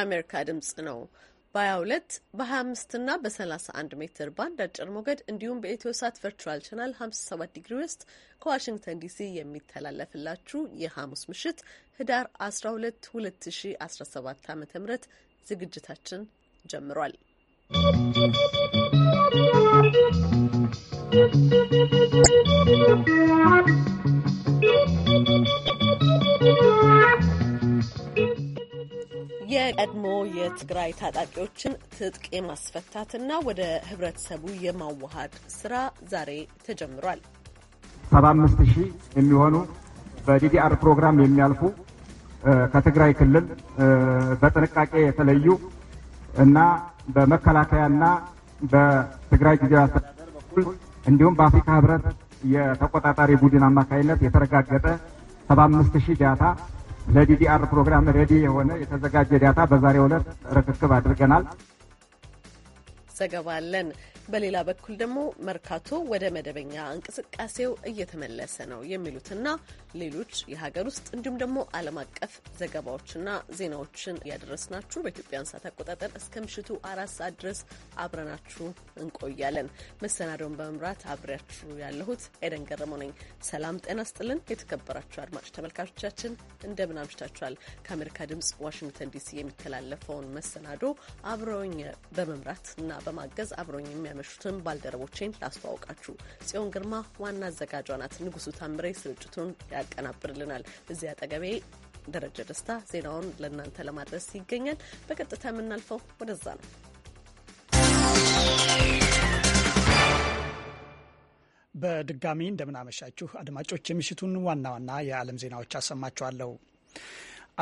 የአሜሪካ ድምጽ ነው። በ22 በ25 እና በ31 ሜትር ባንድ አጭር ሞገድ እንዲሁም በኢትዮ ሳት ቨርቹዋል ቻናል 57 ዲግሪ ውስጥ ከዋሽንግተን ዲሲ የሚተላለፍላችሁ የሐሙስ ምሽት ህዳር 12 2017 ዓ ም ዝግጅታችን ጀምሯል። ¶¶ የቀድሞ የትግራይ ታጣቂዎችን ትጥቅ የማስፈታትና ወደ ህብረተሰቡ የማዋሃድ ስራ ዛሬ ተጀምሯል። ሰባ አምስት ሺህ የሚሆኑ በዲዲአር ፕሮግራም የሚያልፉ ከትግራይ ክልል በጥንቃቄ የተለዩ እና በመከላከያና በትግራይ ጊዜያዊ አስተዳደር በኩል እንዲሁም በአፍሪካ ህብረት የተቆጣጣሪ ቡድን አማካኝነት የተረጋገጠ ሰባ አምስት ሺህ ዳታ ለዲዲአር ፕሮግራም ሬዲ የሆነ የተዘጋጀ ዳታ በዛሬው ዕለት ርክክብ አድርገናል። ዘገባለን አለን። በሌላ በኩል ደግሞ መርካቶ ወደ መደበኛ እንቅስቃሴው እየተመለሰ ነው የሚሉትና ሌሎች የሀገር ውስጥ እንዲሁም ደግሞ ዓለም አቀፍ ዘገባዎችና ዜናዎችን እያደረስናችሁ በኢትዮጵያ ሰዓት አቆጣጠር እስከ ምሽቱ አራት ሰዓት ድረስ አብረናችሁ እንቆያለን። መሰናዶውን በመምራት አብሬያችሁ ያለሁት ኤደን ገረሞ ነኝ። ሰላም ጤና ስጥልን። የተከበራችሁ አድማጭ ተመልካቾቻችን እንደምን አምሽታችኋል? ከአሜሪካ ድምጽ ዋሽንግተን ዲሲ የሚተላለፈውን መሰናዶ አብረውኝ በመምራት እና በማገዝ አብረውኝ የሚያ ያመሹትን ባልደረቦቼን ላስተዋውቃችሁ። ጽዮን ግርማ ዋና አዘጋጇ ናት። ንጉሱ ታምሬ ስርጭቱን ያቀናብርልናል። እዚያ አጠገቤ ደረጀ ደስታ ዜናውን ለእናንተ ለማድረስ ይገኛል። በቀጥታ የምናልፈው ወደዛ ነው። በድጋሚ እንደምናመሻችሁ አድማጮች፣ የምሽቱን ዋና ዋና የዓለም ዜናዎች አሰማችኋለሁ።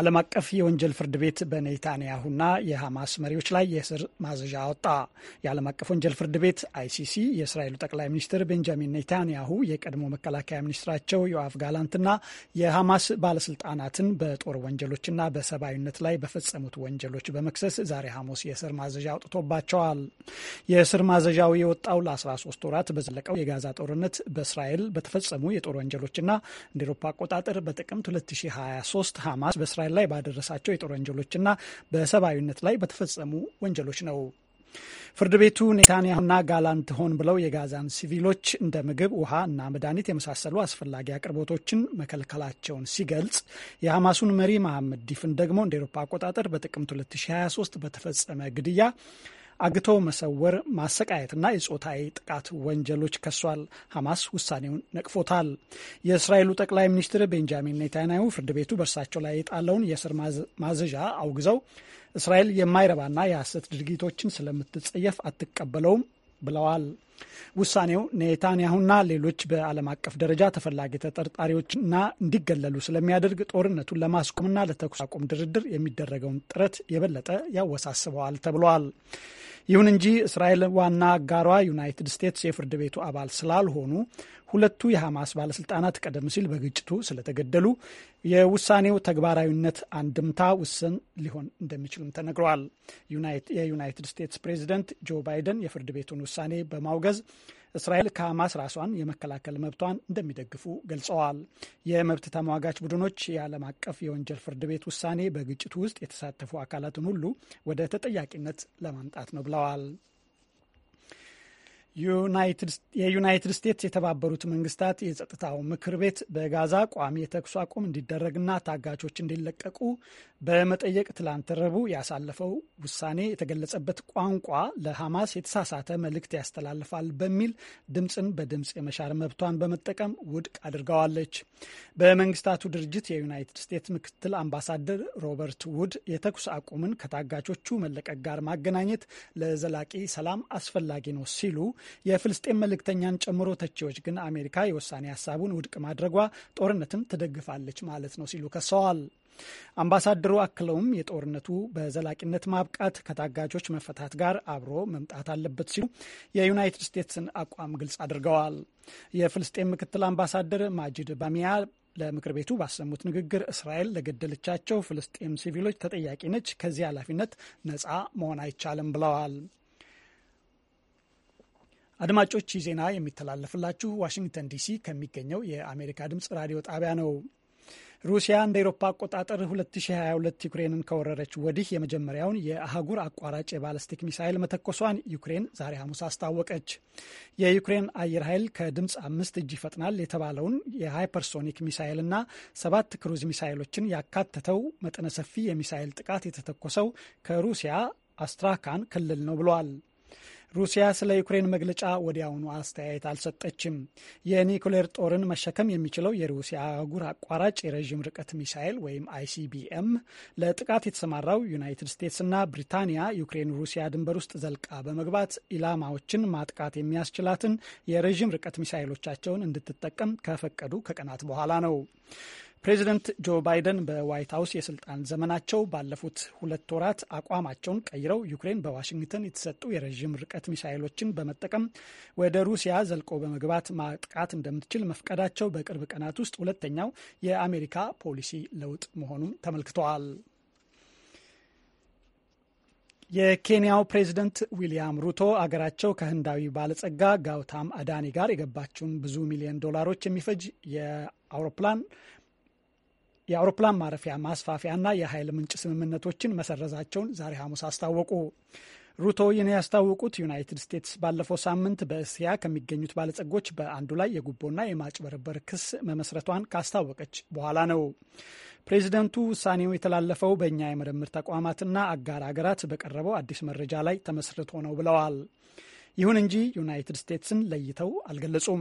ዓለም አቀፍ የወንጀል ፍርድ ቤት በኔታንያሁና የሐማስ መሪዎች ላይ የእስር ማዘዣ አወጣ። የዓለም አቀፍ ወንጀል ፍርድ ቤት አይሲሲ የእስራኤሉ ጠቅላይ ሚኒስትር ቤንጃሚን ኔታንያሁ የቀድሞ መከላከያ ሚኒስትራቸው ዮአፍ ጋላንትና የሐማስ ባለስልጣናትን በጦር ወንጀሎችና በሰብአዊነት ላይ በፈጸሙት ወንጀሎች በመክሰስ ዛሬ ሐሙስ የእስር ማዘዣ አውጥቶባቸዋል። የእስር ማዘዣው የወጣው ለ13 ወራት በዘለቀው የጋዛ ጦርነት በእስራኤል በተፈጸሙ የጦር ወንጀሎችና እንደ ኤሮፓ አቆጣጠር በጥቅምት 2023 ሐማስ በእስራኤል በእስራኤል ላይ ባደረሳቸው የጦር ወንጀሎችና በሰብአዊነት ላይ በተፈጸሙ ወንጀሎች ነው። ፍርድ ቤቱ ኔታንያሁና ጋላንት ሆን ብለው የጋዛን ሲቪሎች እንደ ምግብ፣ ውሃ እና መድኃኒት የመሳሰሉ አስፈላጊ አቅርቦቶችን መከልከላቸውን ሲገልጽ የሐማሱን መሪ መሐመድ ዲፍን ደግሞ እንደ ኤሮፓ አቆጣጠር በጥቅምት 2023 በተፈጸመ ግድያ አግቶ መሰወር፣ ማሰቃየትና የጾታዊ ጥቃት ወንጀሎች ከሷል። ሐማስ ውሳኔውን ነቅፎታል። የእስራኤሉ ጠቅላይ ሚኒስትር ቤንጃሚን ኔታንያሁ ፍርድ ቤቱ በእርሳቸው ላይ የጣለውን የእስር ማዘዣ አውግዘው እስራኤል የማይረባና የሐሰት ድርጊቶችን ስለምትጸየፍ አትቀበለውም ብለዋል። ውሳኔው ኔታንያሁና ሌሎች በዓለም አቀፍ ደረጃ ተፈላጊ ተጠርጣሪዎችና እንዲገለሉ ስለሚያደርግ ጦርነቱን ለማስቆምና ለተኩስ አቁም ድርድር የሚደረገውን ጥረት የበለጠ ያወሳስበዋል ተብሏል። ይሁን እንጂ እስራኤል ዋና አጋሯ ዩናይትድ ስቴትስ የፍርድ ቤቱ አባል ስላልሆኑ ሁለቱ የሐማስ ባለስልጣናት ቀደም ሲል በግጭቱ ስለተገደሉ የውሳኔው ተግባራዊነት አንድምታ ውስን ሊሆን እንደሚችልም ተነግረዋል። የዩናይትድ ስቴትስ ፕሬዚደንት ጆ ባይደን የፍርድ ቤቱን ውሳኔ በማውገዝ እስራኤል ከሐማስ ራሷን የመከላከል መብቷን እንደሚደግፉ ገልጸዋል። የመብት ተሟጋች ቡድኖች የዓለም አቀፍ የወንጀል ፍርድ ቤት ውሳኔ በግጭቱ ውስጥ የተሳተፉ አካላትን ሁሉ ወደ ተጠያቂነት ለማምጣት ነው ብለዋል። የዩናይትድ ስቴትስ የተባበሩት መንግስታት የጸጥታው ምክር ቤት በጋዛ ቋሚ የተኩስ አቁም እንዲደረግና ታጋቾች እንዲለቀቁ በመጠየቅ ትላንት ረቡዕ ያሳለፈው ውሳኔ የተገለጸበት ቋንቋ ለሐማስ የተሳሳተ መልእክት ያስተላልፋል በሚል ድምፅን በድምፅ የመሻር መብቷን በመጠቀም ውድቅ አድርገዋለች። በመንግስታቱ ድርጅት የዩናይትድ ስቴትስ ምክትል አምባሳደር ሮበርት ውድ የተኩስ አቁምን ከታጋቾቹ መለቀቅ ጋር ማገናኘት ለዘላቂ ሰላም አስፈላጊ ነው ሲሉ የፍልስጤን መልእክተኛን ጨምሮ ተቺዎች ግን አሜሪካ የውሳኔ ሀሳቡን ውድቅ ማድረጓ ጦርነትን ትደግፋለች ማለት ነው ሲሉ ከሰዋል። አምባሳደሩ አክለውም የጦርነቱ በዘላቂነት ማብቃት ከታጋጆች መፈታት ጋር አብሮ መምጣት አለበት ሲሉ የዩናይትድ ስቴትስን አቋም ግልጽ አድርገዋል። የፍልስጤን ምክትል አምባሳደር ማጂድ ባሚያ ለምክር ቤቱ ባሰሙት ንግግር እስራኤል ለገደለቻቸው ፍልስጤም ሲቪሎች ተጠያቂ ነች፣ ከዚህ ኃላፊነት ነጻ መሆን አይቻልም ብለዋል። አድማጮች ይህ ዜና የሚተላለፍላችሁ ዋሽንግተን ዲሲ ከሚገኘው የአሜሪካ ድምጽ ራዲዮ ጣቢያ ነው። ሩሲያ እንደ ኤሮፓ አቆጣጠር 2022 ዩክሬንን ከወረረች ወዲህ የመጀመሪያውን የአህጉር አቋራጭ የባለስቲክ ሚሳይል መተኮሷን ዩክሬን ዛሬ ሐሙስ አስታወቀች። የዩክሬን አየር ኃይል ከድምፅ አምስት እጅ ይፈጥናል የተባለውን የሃይፐርሶኒክ ሚሳይልና ሰባት ክሩዝ ሚሳይሎችን ያካተተው መጠነ ሰፊ የሚሳይል ጥቃት የተተኮሰው ከሩሲያ አስትራካን ክልል ነው ብለዋል። ሩሲያ ስለ ዩክሬን መግለጫ ወዲያውኑ አስተያየት አልሰጠችም። የኒኩሌር ጦርን መሸከም የሚችለው የሩሲያ አህጉር አቋራጭ የረዥም ርቀት ሚሳኤል ወይም አይሲቢኤም ለጥቃት የተሰማራው ዩናይትድ ስቴትስና ብሪታንያ ዩክሬን ሩሲያ ድንበር ውስጥ ዘልቃ በመግባት ኢላማዎችን ማጥቃት የሚያስችላትን የረዥም ርቀት ሚሳኤሎቻቸውን እንድትጠቀም ከፈቀዱ ከቀናት በኋላ ነው። ፕሬዚደንት ጆ ባይደን በዋይት ሀውስ የስልጣን ዘመናቸው ባለፉት ሁለት ወራት አቋማቸውን ቀይረው ዩክሬን በዋሽንግተን የተሰጡ የረዥም ርቀት ሚሳይሎችን በመጠቀም ወደ ሩሲያ ዘልቆ በመግባት ማጥቃት እንደምትችል መፍቀዳቸው በቅርብ ቀናት ውስጥ ሁለተኛው የአሜሪካ ፖሊሲ ለውጥ መሆኑን ተመልክተዋል። የኬንያው ፕሬዚደንት ዊልያም ሩቶ አገራቸው ከህንዳዊ ባለጸጋ ጋውታም አዳኒ ጋር የገባችውን ብዙ ሚሊዮን ዶላሮች የሚፈጅ የአውሮፕላን የአውሮፕላን ማረፊያ ማስፋፊያና የኃይል ምንጭ ስምምነቶችን መሰረዛቸውን ዛሬ ሐሙስ አስታወቁ። ሩቶ ይህን ያስታወቁት ዩናይትድ ስቴትስ ባለፈው ሳምንት በእስያ ከሚገኙት ባለጸጎች በአንዱ ላይ የጉቦና የማጭበርበር ክስ መመስረቷን ካስታወቀች በኋላ ነው። ፕሬዚደንቱ ውሳኔው የተላለፈው በእኛ የምርምር ተቋማትና አጋር አገራት በቀረበው አዲስ መረጃ ላይ ተመስርቶ ነው ብለዋል። ይሁን እንጂ ዩናይትድ ስቴትስን ለይተው አልገለጹም።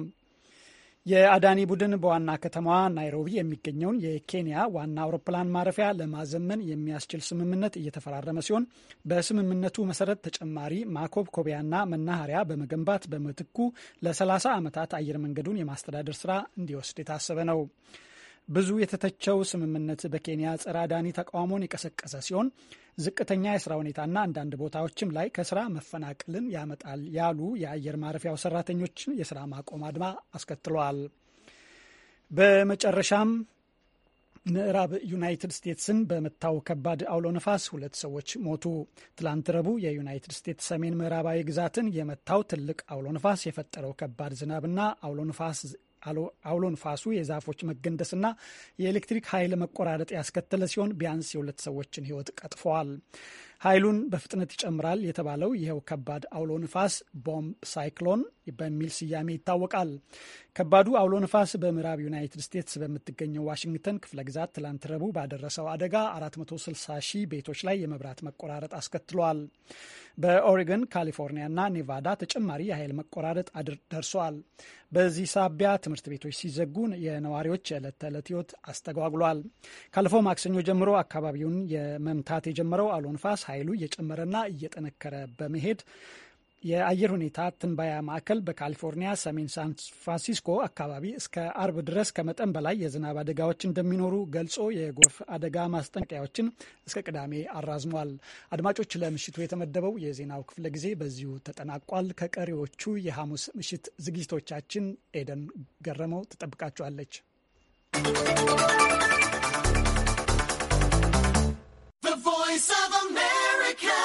የአዳኒ ቡድን በዋና ከተማዋ ናይሮቢ የሚገኘውን የኬንያ ዋና አውሮፕላን ማረፊያ ለማዘመን የሚያስችል ስምምነት እየተፈራረመ ሲሆን በስምምነቱ መሰረት ተጨማሪ ማኮብኮቢያና መናኸሪያ በመገንባት በምትኩ ለ30 ዓመታት አየር መንገዱን የማስተዳደር ስራ እንዲወስድ የታሰበ ነው። ብዙ የተተቸው ስምምነት በኬንያ ጸረ አዳኒ ተቃውሞን የቀሰቀሰ ሲሆን ዝቅተኛ የስራ ሁኔታና አንዳንድ ቦታዎችም ላይ ከስራ መፈናቀልን ያመጣል ያሉ የአየር ማረፊያው ሰራተኞችን የስራ ማቆም አድማ አስከትለዋል። በመጨረሻም ምዕራብ ዩናይትድ ስቴትስን በመታው ከባድ አውሎ ነፋስ ሁለት ሰዎች ሞቱ። ትላንት ረቡዕ የዩናይትድ ስቴትስ ሰሜን ምዕራባዊ ግዛትን የመታው ትልቅ አውሎ ነፋስ የፈጠረው ከባድ ዝናብና አውሎ ነፋስ አውሎ ንፋሱ የዛፎች መገንደስና የኤሌክትሪክ ኃይል መቆራረጥ ያስከተለ ሲሆን ቢያንስ የሁለት ሰዎችን ሕይወት ቀጥፈዋል። ኃይሉን በፍጥነት ይጨምራል የተባለው ይኸው ከባድ አውሎ ንፋስ ቦምብ ሳይክሎን በሚል ስያሜ ይታወቃል። ከባዱ አውሎ ንፋስ በምዕራብ ዩናይትድ ስቴትስ በምትገኘው ዋሽንግተን ክፍለ ግዛት ትላንት ረቡዕ ባደረሰው አደጋ 460 ሺህ ቤቶች ላይ የመብራት መቆራረጥ አስከትሏል። በኦሪገን ካሊፎርኒያ እና ኔቫዳ ተጨማሪ የኃይል መቆራረጥ ደርሷል። በዚህ ሳቢያ ትምህርት ቤቶች ሲዘጉ የነዋሪዎች የዕለት ተዕለት ሕይወት አስተጓጉሏል። ካለፈው ማክሰኞ ጀምሮ አካባቢውን የመምታት የጀመረው አውሎ ንፋስ ኃይሉ እየጨመረና እየጠነከረ በመሄድ የአየር ሁኔታ ትንባያ ማዕከል በካሊፎርኒያ ሰሜን ሳን ፍራንሲስኮ አካባቢ እስከ አርብ ድረስ ከመጠን በላይ የዝናብ አደጋዎች እንደሚኖሩ ገልጾ የጎርፍ አደጋ ማስጠንቀቂያዎችን እስከ ቅዳሜ አራዝሟል። አድማጮች፣ ለምሽቱ የተመደበው የዜናው ክፍለ ጊዜ በዚሁ ተጠናቋል። ከቀሪዎቹ የሐሙስ ምሽት ዝግጅቶቻችን ኤደን ገረመው ትጠብቃችኋለች። Voice of America.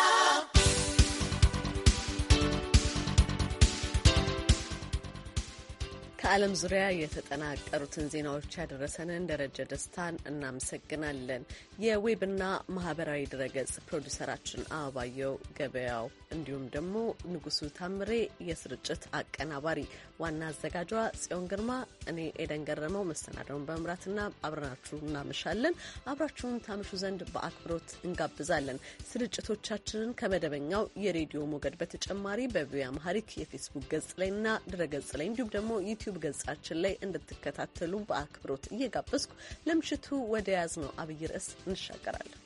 ከዓለም ዙሪያ የተጠናቀሩትን ዜናዎች ያደረሰንን ደረጀ ደስታን እናመሰግናለን። የዌብና ማህበራዊ ድረገጽ ፕሮዲሰራችን አበባየው ገበያው እንዲሁም ደግሞ ንጉሱ ታምሬ የስርጭት አቀናባሪ ዋና አዘጋጇ ጽዮን ግርማ፣ እኔ ኤደን ገረመው መሰናደውን በመምራትና አብረናችሁ እናመሻለን። አብራችሁን ታምሹ ዘንድ በአክብሮት እንጋብዛለን። ስርጭቶቻችንን ከመደበኛው የሬዲዮ ሞገድ በተጨማሪ በቪኦኤ አማሪክ የፌስቡክ ገጽ ላይና ድረ ገጽ ላይ እንዲሁም ደግሞ ዩቲዩብ ገጻችን ላይ እንድትከታተሉ በአክብሮት እየጋበዝኩ ለምሽቱ ወደ ያዝነው አብይ ርዕስ እንሻገራለን።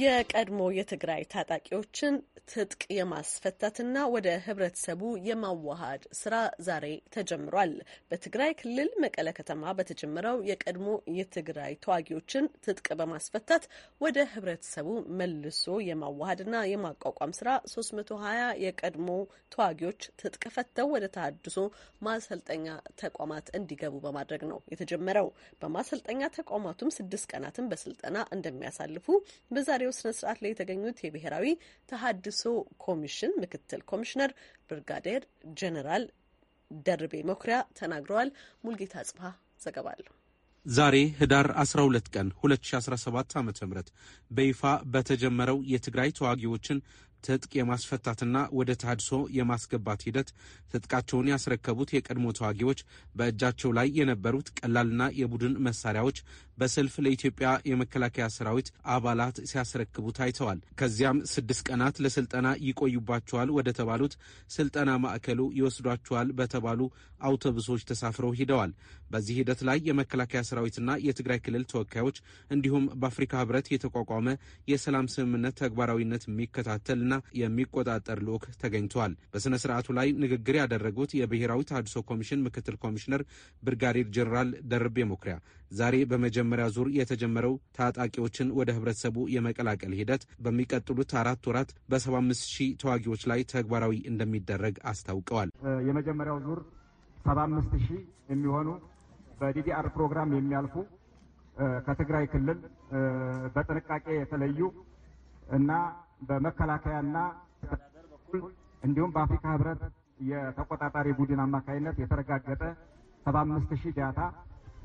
የቀድሞ የትግራይ ታጣቂዎችን ትጥቅ የማስፈታትና ወደ ህብረተሰቡ የማዋሃድ ስራ ዛሬ ተጀምሯል። በትግራይ ክልል መቀለ ከተማ በተጀመረው የቀድሞ የትግራይ ተዋጊዎችን ትጥቅ በማስፈታት ወደ ህብረተሰቡ መልሶ የማዋሃድና የማቋቋም ስራ 320 የቀድሞ ተዋጊዎች ትጥቅ ፈተው ወደ ተሃድሶ ማሰልጠኛ ተቋማት እንዲገቡ በማድረግ ነው የተጀመረው። በማሰልጠኛ ተቋማቱም ስድስት ቀናትን በስልጠና እንደሚያሳልፉ በዛሬ በዛሬው ስነ ስርዓት ላይ የተገኙት የብሔራዊ ተሀድሶ ኮሚሽን ምክትል ኮሚሽነር ብርጋዴር ጀኔራል ደርቤ መኩሪያ ተናግረዋል። ሙልጌታ ጽፋ ዘገባ ዛሬ ህዳር 12 ቀን 2017 ዓ ም በይፋ በተጀመረው የትግራይ ተዋጊዎችን ትጥቅ የማስፈታትና ወደ ታድሶ የማስገባት ሂደት ትጥቃቸውን ያስረከቡት የቀድሞ ተዋጊዎች በእጃቸው ላይ የነበሩት ቀላልና የቡድን መሳሪያዎች በሰልፍ ለኢትዮጵያ የመከላከያ ሰራዊት አባላት ሲያስረክቡ ታይተዋል። ከዚያም ስድስት ቀናት ለስልጠና ይቆዩባቸዋል ወደ ተባሉት ስልጠና ማዕከሉ ይወስዷቸዋል በተባሉ አውቶቡሶች ተሳፍረው ሂደዋል። በዚህ ሂደት ላይ የመከላከያ ሰራዊትና የትግራይ ክልል ተወካዮች እንዲሁም በአፍሪካ ህብረት የተቋቋመ የሰላም ስምምነት ተግባራዊነት የሚከታተልና የሚቆጣጠር ልዑክ ተገኝተዋል። በሥነ ስርዓቱ ላይ ንግግር ያደረጉት የብሔራዊ ተሃድሶ ኮሚሽን ምክትል ኮሚሽነር ብርጋዴር ጀኔራል ደርቤ ሞክሪያ ዛሬ በመጀመሪያ ዙር የተጀመረው ታጣቂዎችን ወደ ህብረተሰቡ የመቀላቀል ሂደት በሚቀጥሉት አራት ወራት በ75 ሺህ ተዋጊዎች ላይ ተግባራዊ እንደሚደረግ አስታውቀዋል። የመጀመሪያው ዙር ሰባ አምስት ሺህ የሚሆኑ በዲዲአር ፕሮግራም የሚያልፉ ከትግራይ ክልል በጥንቃቄ የተለዩ እና በመከላከያና በኩል እንዲሁም በአፍሪካ ህብረት የተቆጣጣሪ ቡድን አማካኝነት የተረጋገጠ ሰባ አምስት ሺህ ዳታ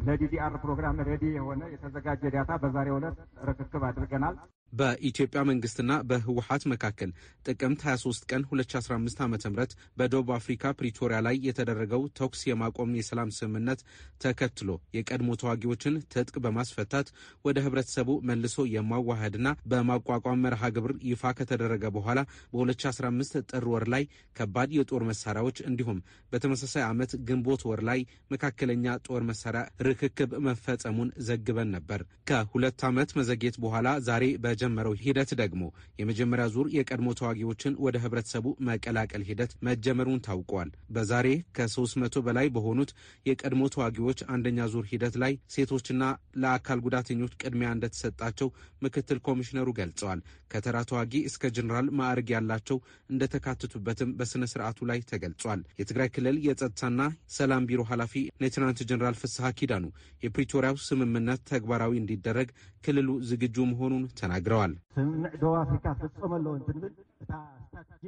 ለዲዲአር ፕሮግራም ሬዲ የሆነ የተዘጋጀ ዳታ በዛሬው ዕለት ርክክብ አድርገናል። በኢትዮጵያ መንግስትና በህወሀት መካከል ጥቅምት 23 ቀን 2015 ዓ ም በደቡብ አፍሪካ ፕሪቶሪያ ላይ የተደረገው ተኩስ የማቆም የሰላም ስምምነት ተከትሎ የቀድሞ ተዋጊዎችን ትጥቅ በማስፈታት ወደ ህብረተሰቡ መልሶ የማዋሃድና በማቋቋም መርሃ ግብር ይፋ ከተደረገ በኋላ በ2015 ጥር ወር ላይ ከባድ የጦር መሳሪያዎች እንዲሁም በተመሳሳይ ዓመት ግንቦት ወር ላይ መካከለኛ ጦር መሳሪያ ርክክብ መፈጸሙን ዘግበን ነበር። ከሁለት ዓመት መዘግየት በኋላ ዛሬ በ የተጀመረው ሂደት ደግሞ የመጀመሪያ ዙር የቀድሞ ተዋጊዎችን ወደ ህብረተሰቡ መቀላቀል ሂደት መጀመሩን ታውቋል። በዛሬ ከ300 በላይ በሆኑት የቀድሞ ተዋጊዎች አንደኛ ዙር ሂደት ላይ ሴቶችና ለአካል ጉዳተኞች ቅድሚያ እንደተሰጣቸው ምክትል ኮሚሽነሩ ገልጸዋል። ከተራ ተዋጊ እስከ ጀኔራል ማዕረግ ያላቸው እንደተካተቱበትም በስነ ስርዓቱ ላይ ተገልጿል። የትግራይ ክልል የጸጥታና ሰላም ቢሮ ኃላፊ ሌትናንት ጀኔራል ፍስሐ ኪዳኑ የፕሪቶሪያው ስምምነት ተግባራዊ እንዲደረግ ክልሉ ዝግጁ መሆኑን ተናግረዋል። ስምምዕ ደቡብ አፍሪካ ፍጾመ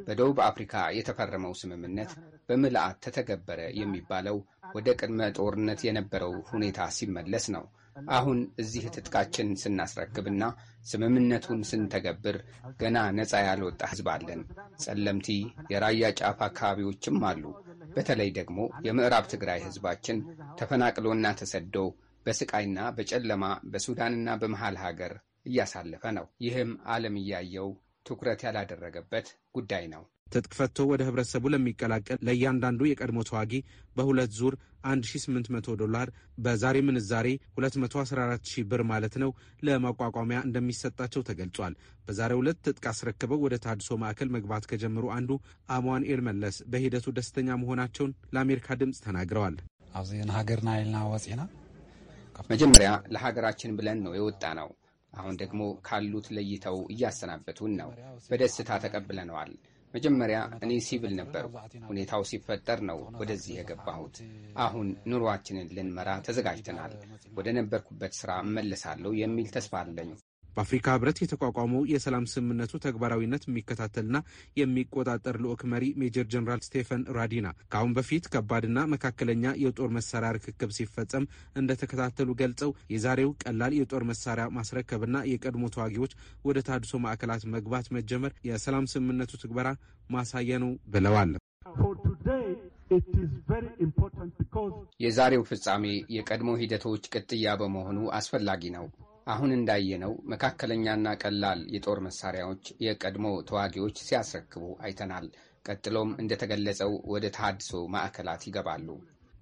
በደቡብ አፍሪካ የተፈረመው ስምምነት በምልአት ተተገበረ የሚባለው ወደ ቅድመ ጦርነት የነበረው ሁኔታ ሲመለስ ነው። አሁን እዚህ ትጥቃችን ስናስረክብና ስምምነቱን ስንተገብር ገና ነፃ ያልወጣ ህዝብ አለን። ጸለምቲ፣ የራያ ጫፍ አካባቢዎችም አሉ። በተለይ ደግሞ የምዕራብ ትግራይ ህዝባችን ተፈናቅሎና ተሰዶ በስቃይና በጨለማ በሱዳንና በመሃል ሀገር እያሳለፈ ነው። ይህም ዓለም እያየው ትኩረት ያላደረገበት ጉዳይ ነው። ትጥቅ ፈቶ ወደ ህብረተሰቡ ለሚቀላቀል ለእያንዳንዱ የቀድሞ ተዋጊ በሁለት ዙር 1800 ዶላር በዛሬ ምንዛሬ 214000 ብር ማለት ነው ለማቋቋሚያ እንደሚሰጣቸው ተገልጿል። በዛሬው ዕለት ትጥቅ አስረክበው ወደ ታድሶ ማዕከል መግባት ከጀመሩ አንዱ አማኑኤል መለስ በሂደቱ ደስተኛ መሆናቸውን ለአሜሪካ ድምፅ ተናግረዋል። አብዚ ሀገርና ኢልና ወፂና መጀመሪያ ለሀገራችን ብለን ነው የወጣ ነው አሁን ደግሞ ካሉት ለይተው እያሰናበቱን ነው። በደስታ ተቀብለነዋል። መጀመሪያ እኔ ሲቪል ነበር። ሁኔታው ሲፈጠር ነው ወደዚህ የገባሁት። አሁን ኑሯችንን ልንመራ ተዘጋጅተናል። ወደ ነበርኩበት ሥራ እመለሳለሁ የሚል ተስፋ አለኝ። በአፍሪካ ህብረት የተቋቋመው የሰላም ስምምነቱ ተግባራዊነት የሚከታተልና የሚቆጣጠር ልዑክ መሪ ሜጀር ጀኔራል ስቴፈን ራዲና ከአሁን በፊት ከባድና መካከለኛ የጦር መሳሪያ ርክክብ ሲፈጸም እንደተከታተሉ ገልጸው የዛሬው ቀላል የጦር መሳሪያ ማስረከብና የቀድሞ ተዋጊዎች ወደ ታድሶ ማዕከላት መግባት መጀመር የሰላም ስምምነቱ ትግበራ ማሳያ ነው ብለዋል። የዛሬው ፍጻሜ የቀድሞ ሂደቶች ቅጥያ በመሆኑ አስፈላጊ ነው። አሁን እንዳየነው መካከለኛና ቀላል የጦር መሳሪያዎች የቀድሞ ተዋጊዎች ሲያስረክቡ አይተናል። ቀጥሎም እንደተገለጸው ወደ ተሃድሶ ማዕከላት ይገባሉ።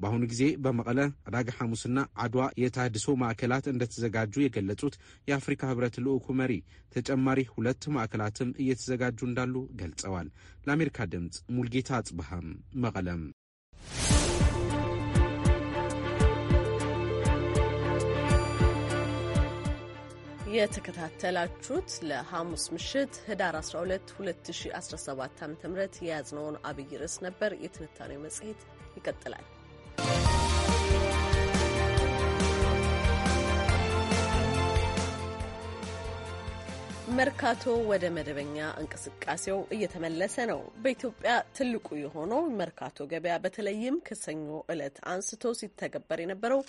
በአሁኑ ጊዜ በመቀለ ዕዳጋ ሐሙስና አድዋ የተሃድሶ ማዕከላት እንደተዘጋጁ የገለጹት የአፍሪካ ህብረት ልዑኩ መሪ ተጨማሪ ሁለት ማዕከላትም እየተዘጋጁ እንዳሉ ገልጸዋል። ለአሜሪካ ድምፅ ሙልጌታ አጽብሃም መቀለም የተከታተላችሁት ለሐሙስ ምሽት ህዳር 12 2017 ዓ ም የያዝነውን አብይ ርዕስ ነበር። የትንታኔው መጽሔት ይቀጥላል። መርካቶ ወደ መደበኛ እንቅስቃሴው እየተመለሰ ነው። በኢትዮጵያ ትልቁ የሆነው መርካቶ ገበያ በተለይም ከሰኞ ዕለት አንስቶ ሲተገበር የነበረው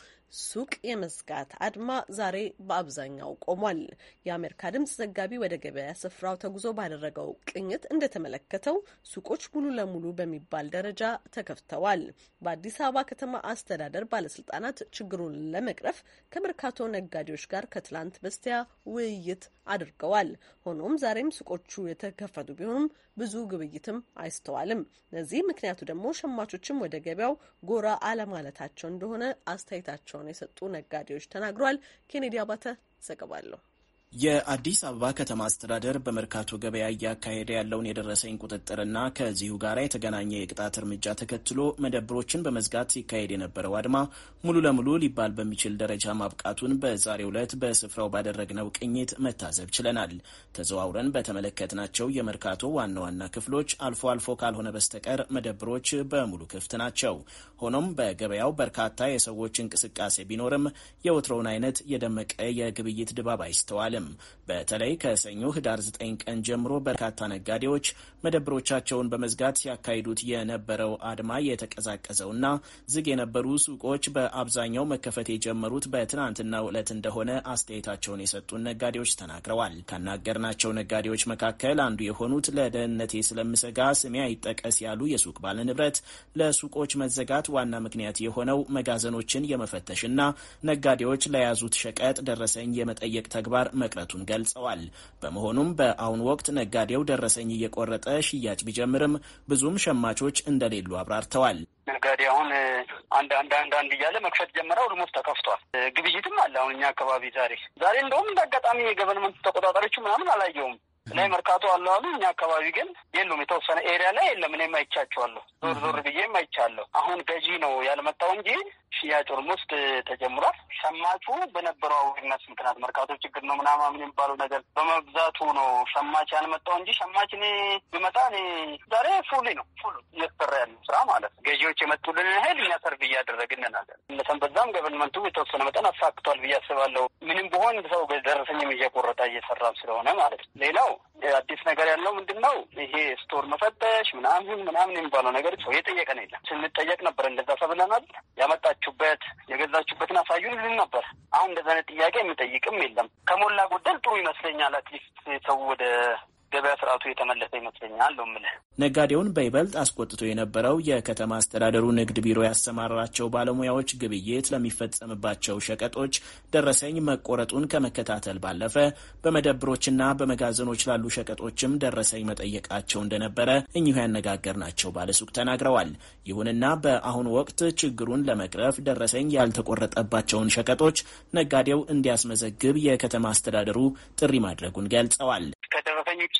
ሱቅ የመዝጋት አድማ ዛሬ በአብዛኛው ቆሟል። የአሜሪካ ድምጽ ዘጋቢ ወደ ገበያ ስፍራው ተጉዞ ባደረገው ቅኝት እንደተመለከተው ሱቆች ሙሉ ለሙሉ በሚባል ደረጃ ተከፍተዋል። በአዲስ አበባ ከተማ አስተዳደር ባለስልጣናት ችግሩን ለመቅረፍ ከመርካቶ ነጋዴዎች ጋር ከትላንት በስቲያ ውይይት አድርገዋል። ሆኖም ዛሬም ሱቆቹ የተከፈቱ ቢሆንም ብዙ ግብይትም አይስተዋልም። ለዚህ ምክንያቱ ደግሞ ሸማቾችም ወደ ገበያው ጎራ አለማለታቸው እንደሆነ አስተያየታቸው አስተያየታቸውን የሰጡ ነጋዴዎች ተናግረዋል። ኬኔዲ አባተ ዘገባ አለው። የአዲስ አበባ ከተማ አስተዳደር በመርካቶ ገበያ እያካሄደ ያለውን የደረሰኝ ቁጥጥርና ከዚሁ ጋር የተገናኘ የቅጣት እርምጃ ተከትሎ መደብሮችን በመዝጋት ሲካሄድ የነበረው አድማ ሙሉ ለሙሉ ሊባል በሚችል ደረጃ ማብቃቱን በዛሬው ዕለት በስፍራው ባደረግነው ቅኝት መታዘብ ችለናል። ተዘዋውረን በተመለከትናቸው የመርካቶ ዋና ዋና ክፍሎች አልፎ አልፎ ካልሆነ በስተቀር መደብሮች በሙሉ ክፍት ናቸው። ሆኖም በገበያው በርካታ የሰዎች እንቅስቃሴ ቢኖርም የወትሮውን አይነት የደመቀ የግብይት ድባብ አይስተዋል። አይቻልም። በተለይ ከሰኞ ህዳር 9 ቀን ጀምሮ በርካታ ነጋዴዎች መደብሮቻቸውን በመዝጋት ሲያካሂዱት የነበረው አድማ የተቀዛቀዘውና ዝግ የነበሩ ሱቆች በአብዛኛው መከፈት የጀመሩት በትናንትናው ዕለት እንደሆነ አስተያየታቸውን የሰጡን ነጋዴዎች ተናግረዋል። ካናገርናቸው ነጋዴዎች መካከል አንዱ የሆኑት ለደህንነቴ ስለምሰጋ ስሜ አይጠቀስ ያሉ የሱቅ ባለንብረት ለሱቆች መዘጋት ዋና ምክንያት የሆነው መጋዘኖችን የመፈተሽና ነጋዴዎች ለያዙት ሸቀጥ ደረሰኝ የመጠየቅ ተግባር መቅረቱን ገልጸዋል። በመሆኑም በአሁኑ ወቅት ነጋዴው ደረሰኝ እየቆረጠ ሽያጭ ቢጀምርም ብዙም ሸማቾች እንደሌሉ አብራርተዋል። ነጋዴ አሁን አንድ አንድ አንድ አንድ እያለ መክፈት ጀምረ ኦልሞስት ተከፍቷል። ግብይትም አለ አሁን እኛ አካባቢ ዛሬ ዛሬ እንደውም እንደ አጋጣሚ የገቨርንመንት ተቆጣጣሪዎቹ ምናምን አላየውም ላይ መርካቶ አለ አሉ። እኛ አካባቢ ግን የሉም። የተወሰነ ኤሪያ ላይ የለም። እኔም አይቻቸዋለሁ፣ ዞር ዞር ብዬም አይቻለሁ። አሁን ገዢ ነው ያልመጣው እንጂ ሽያጭ ኦልሞስት ተጀምሯል። ሸማቹ በነበረው አዋቂነት ምክንያት መርካቶ ችግር ነው ምናምን ምን የሚባለው ነገር በመብዛቱ ነው ሸማች ያልመጣው እንጂ ሸማች እኔ ብመጣ እኔ ዛሬ ፉል ነው ፉሉ እየተሰራ ያለው ስራ ማለት ነው። ገዢዎች የመጡልን ያህል እኛ ሰርቭ እያደረግን እነተን በዛም ገቨርንመንቱ የተወሰነ መጠን አሳክቷል ብዬ አስባለሁ። ምንም ቢሆን ሰው ደረሰኝም እየቆረጠ እየሰራም ስለሆነ ማለት ነው። ሌላው አዲስ ነገር ያለው ምንድን ነው? ይሄ ስቶር መፈተሽ ምናምን ምናምን የሚባለው ነገር ሰው የጠየቀን የለም። ስንጠየቅ ነበር እንደዛ ተብለናል። ያመጣችሁበት የገዛችሁበትን አሳዩን ልን ነበር። አሁን እንደዛ አይነት ጥያቄ የሚጠይቅም የለም። ከሞላ ጎደል ጥሩ ይመስለኛል። አትሊስት ሰው ወደ ገበያ ስርዓቱ የተመለሰ ይመስለኛል ነው የምልህ። ነጋዴውን በይበልጥ አስቆጥቶ የነበረው የከተማ አስተዳደሩ ንግድ ቢሮ ያሰማራቸው ባለሙያዎች ግብይት ለሚፈጸምባቸው ሸቀጦች ደረሰኝ መቆረጡን ከመከታተል ባለፈ በመደብሮችና በመጋዘኖች ላሉ ሸቀጦችም ደረሰኝ መጠየቃቸው እንደነበረ እኚሁ ያነጋገርናቸው ባለሱቅ ተናግረዋል። ይሁንና በአሁኑ ወቅት ችግሩን ለመቅረፍ ደረሰኝ ያልተቆረጠባቸውን ሸቀጦች ነጋዴው እንዲያስመዘግብ የከተማ አስተዳደሩ ጥሪ ማድረጉን ገልጸዋል።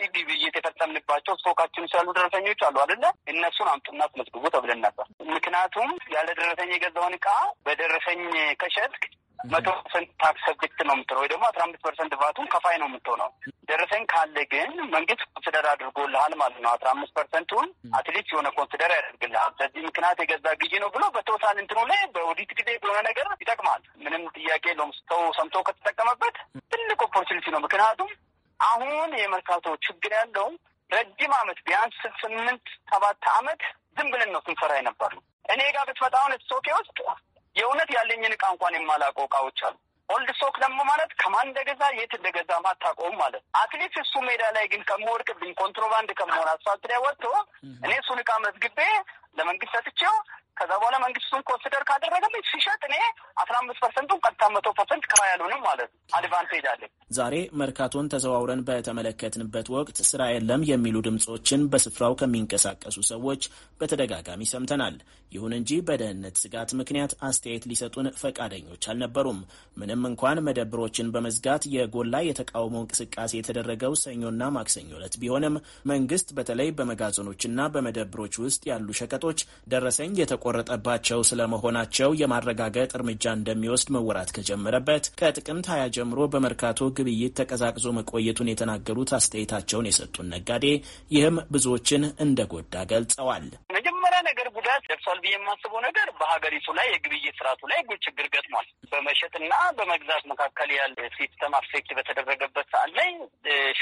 ውጭ የፈጸምንባቸው ስቶካችን ውስጥ ያሉ ደረሰኞች አሉ አደለ? እነሱን አምጡና አስመዝግቡ ተብለን ነበር። ምክንያቱም ያለ ደረሰኝ የገዛውን እቃ በደረሰኝ ከሸጥክ መቶ ፐርሰንት ታክስ ሰብጀክት ነው የምትሆነው፣ ወይ ደግሞ አስራ አምስት ፐርሰንት ቫቱን ከፋይ ነው የምትሆነው። ደረሰኝ ካለ ግን መንግስት ኮንሲደር አድርጎልሃል ማለት ነው። አስራ አምስት ፐርሰንቱን አትሊስት የሆነ ኮንስደር ያደርግልሃል። በዚህ ምክንያት የገዛ ግዢ ነው ብሎ በቶታል እንትኑ ላይ በኦዲት ጊዜ በሆነ ነገር ይጠቅማል። ምንም ጥያቄ የለውም። ሰው ሰምቶ ከተጠቀመበት ትልቅ ኦፖርቹኒቲ ነው። ምክንያቱም አሁን የመርካቶ ችግር ያለው ረጅም አመት ቢያንስ ስምንት ሰባት አመት ዝም ብለን ነው ስንሰራ የነበር እኔ ጋር ብትመጣ አሁን ስቶኬ ውስጥ የእውነት ያለኝን እቃ እንኳን የማላውቀው እቃዎች አሉ። ኦልድ ስቶክ ደግሞ ማለት ከማን እንደገዛ የት እንደገዛ ማታውቀውም ማለት አትሊስት እሱ ሜዳ ላይ ግን ከምወድቅብኝ ኮንትሮባንድ ከመሆን አስፋልት ላይ ወጥቶ እኔ እሱን እቃ መዝግቤ ለመንግስት ሰጥቼው ከዛ በኋላ መንግስቱን ኮንሲደር ካደረገልኝ ሲሸጥ እኔ አስራ አምስት ፐርሰንቱን ቀጥታ መቶ ፐርሰንት ክራ ያሉንም ማለት ነው አድቫንቴጅ አለ። ዛሬ መርካቶን ተዘዋውረን በተመለከትንበት ወቅት ስራ የለም የሚሉ ድምጾችን በስፍራው ከሚንቀሳቀሱ ሰዎች በተደጋጋሚ ሰምተናል። ይሁን እንጂ በደህንነት ስጋት ምክንያት አስተያየት ሊሰጡን ፈቃደኞች አልነበሩም። ምንም እንኳን መደብሮችን በመዝጋት የጎላ የተቃውሞ እንቅስቃሴ የተደረገው ሰኞና ማክሰኞ ዕለት ቢሆንም መንግስት በተለይ በመጋዘኖችና በመደብሮች ውስጥ ያሉ ሸቀጦች ደረሰኝ የተቆ የተቆረጠባቸው ስለመሆናቸው የማረጋገጥ እርምጃ እንደሚወስድ መወራት ከጀመረበት ከጥቅምት ሀያ ጀምሮ በመርካቶ ግብይት ተቀዛቅዞ መቆየቱን የተናገሩት አስተያየታቸውን የሰጡን ነጋዴ ይህም ብዙዎችን እንደጎዳ ገልጸዋል። መጀመሪያ ነገር ጉዳት ደርሷል ብዬ የማስበው ነገር በሀገሪቱ ላይ የግብይት ስርዓቱ ላይ ችግር ገጥሟል። በመሸጥና በመግዛት መካከል ያለ ሲስተም አፌክት በተደረገበት ሰዓት ላይ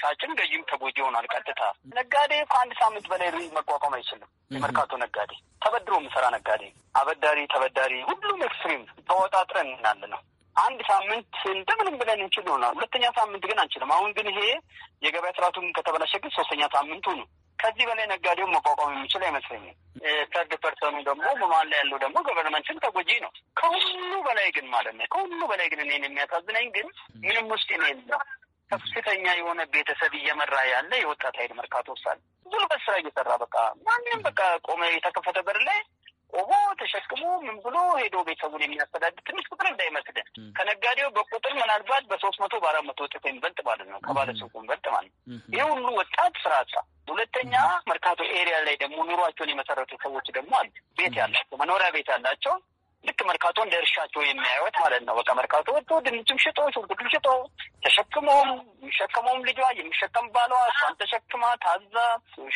ሻጭም ገዥም ተጎጂ ሆኗል። ቀጥታ ነጋዴ ከአንድ ሳምንት በላይ መቋቋም አይችልም። የመርካቶ ነጋዴ ተበድሮ የምሰራ ነጋዴ ነጋዴ፣ አበዳሪ፣ ተበዳሪ ሁሉም ኤክስትሪም ተወጣጥረን እናለ ነው። አንድ ሳምንት እንደምንም ብለን እንችል ይሆናል። ሁለተኛ ሳምንት ግን አንችልም። አሁን ግን ይሄ የገበያ ስርዓቱም ከተበላሸ ግን ሶስተኛ ሳምንቱ ነው። ከዚህ በላይ ነጋዴውን መቋቋም የሚችል አይመስለኝም። ተርድ ፐርሰኑ ደግሞ በመሀል ላይ ያለው ደግሞ ገቨርንመንትን ተጎጂ ነው። ከሁሉ በላይ ግን ማለት ነው ከሁሉ በላይ ግን እኔን የሚያሳዝነኝ ግን ምንም ውስጥ ነው የለም ከፍተኛ የሆነ ቤተሰብ እየመራ ያለ የወጣት ኃይል መርካቶ ውሳል ብዙ በስራ እየሰራ በቃ ማንም በቃ ቆመ የተከፈተ በር ላይ ምን ብሎ ሄዶ ቤተሰቡን የሚያስተዳድር ትንሽ ቁጥር እንዳይመስልን ከነጋዴው በቁጥር ምናልባት በሶስት መቶ በአራት መቶ እጥፍ የሚበልጥ ማለት ነው፣ ከባለሱቁ የሚበልጥ ማለት ነው። ይህ ሁሉ ወጣት ስራ አጣ። ሁለተኛ መርካቶ ኤሪያ ላይ ደግሞ ኑሯቸውን የመሰረቱ ሰዎች ደግሞ አሉ። ቤት ያላቸው መኖሪያ ቤት ያላቸው ልክ መርካቶ እንደ እርሻቸው የሚያዩት ማለት ነው። በቃ መርካቶ ወጥቶ ድንችም ሽጦ ሽንኩርትም ሽጦ ተሸክመውም የሚሸከመውም ልጇ የሚሸከም ባሏ እሷን ተሸክማ ታዛ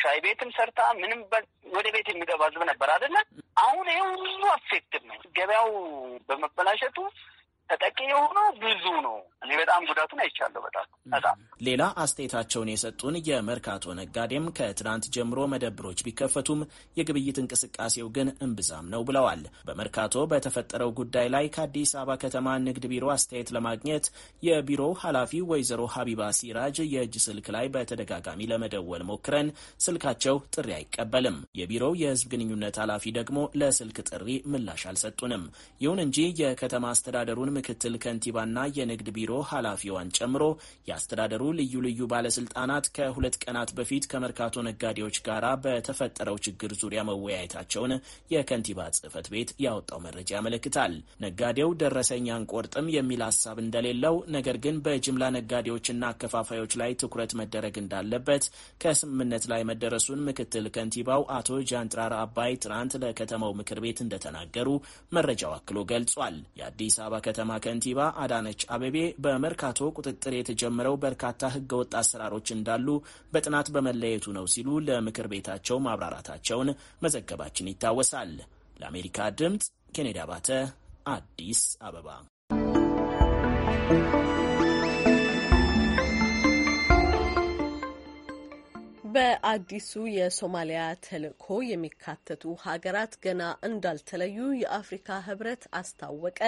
ሻይ ቤትም ሰርታ ምንም ወደ ቤት የሚገባ ህዝብ ነበር አይደለ? አሁን ይሄ ሁሉ አፌክትም ነው። ገበያው በመበላሸቱ ተጠቂ የሆነው ብዙ ነው። እኔ በጣም ጉዳቱን አይቻለሁ። በጣም በጣም ሌላ አስተያየታቸውን የሰጡን የመርካቶ ነጋዴም ከትናንት ጀምሮ መደብሮች ቢከፈቱም የግብይት እንቅስቃሴው ግን እምብዛም ነው ብለዋል። በመርካቶ በተፈጠረው ጉዳይ ላይ ከአዲስ አበባ ከተማ ንግድ ቢሮ አስተያየት ለማግኘት የቢሮው ኃላፊ ወይዘሮ ሀቢባ ሲራጅ የእጅ ስልክ ላይ በተደጋጋሚ ለመደወል ሞክረን ስልካቸው ጥሪ አይቀበልም። የቢሮው የህዝብ ግንኙነት ኃላፊ ደግሞ ለስልክ ጥሪ ምላሽ አልሰጡንም። ይሁን እንጂ የከተማ አስተዳደሩን ምክትል ከንቲባና የንግድ ቢሮ ቢሮ ኃላፊዋን ጨምሮ የአስተዳደሩ ልዩ ልዩ ባለስልጣናት ከሁለት ቀናት በፊት ከመርካቶ ነጋዴዎች ጋር በተፈጠረው ችግር ዙሪያ መወያየታቸውን የከንቲባ ጽህፈት ቤት ያወጣው መረጃ ያመለክታል። ነጋዴው ደረሰኛ አንቆርጥም የሚል ሀሳብ እንደሌለው፣ ነገር ግን በጅምላ ነጋዴዎችና አከፋፋዮች ላይ ትኩረት መደረግ እንዳለበት ከስምምነት ላይ መደረሱን ምክትል ከንቲባው አቶ ጃንጥራር አባይ ትናንት ለከተማው ምክር ቤት እንደተናገሩ መረጃው አክሎ ገልጿል። የአዲስ አበባ ከተማ ከንቲባ አዳነች አቤቤ በመርካቶ ቁጥጥር የተጀመረው በርካታ ህገወጥ አሰራሮች እንዳሉ በጥናት በመለየቱ ነው ሲሉ ለምክር ቤታቸው ማብራራታቸውን መዘገባችን ይታወሳል። ለአሜሪካ ድምፅ ኬኔዲ አባተ አዲስ አበባ። በአዲሱ የሶማሊያ ተልእኮ የሚካተቱ ሀገራት ገና እንዳልተለዩ የአፍሪካ ህብረት አስታወቀ።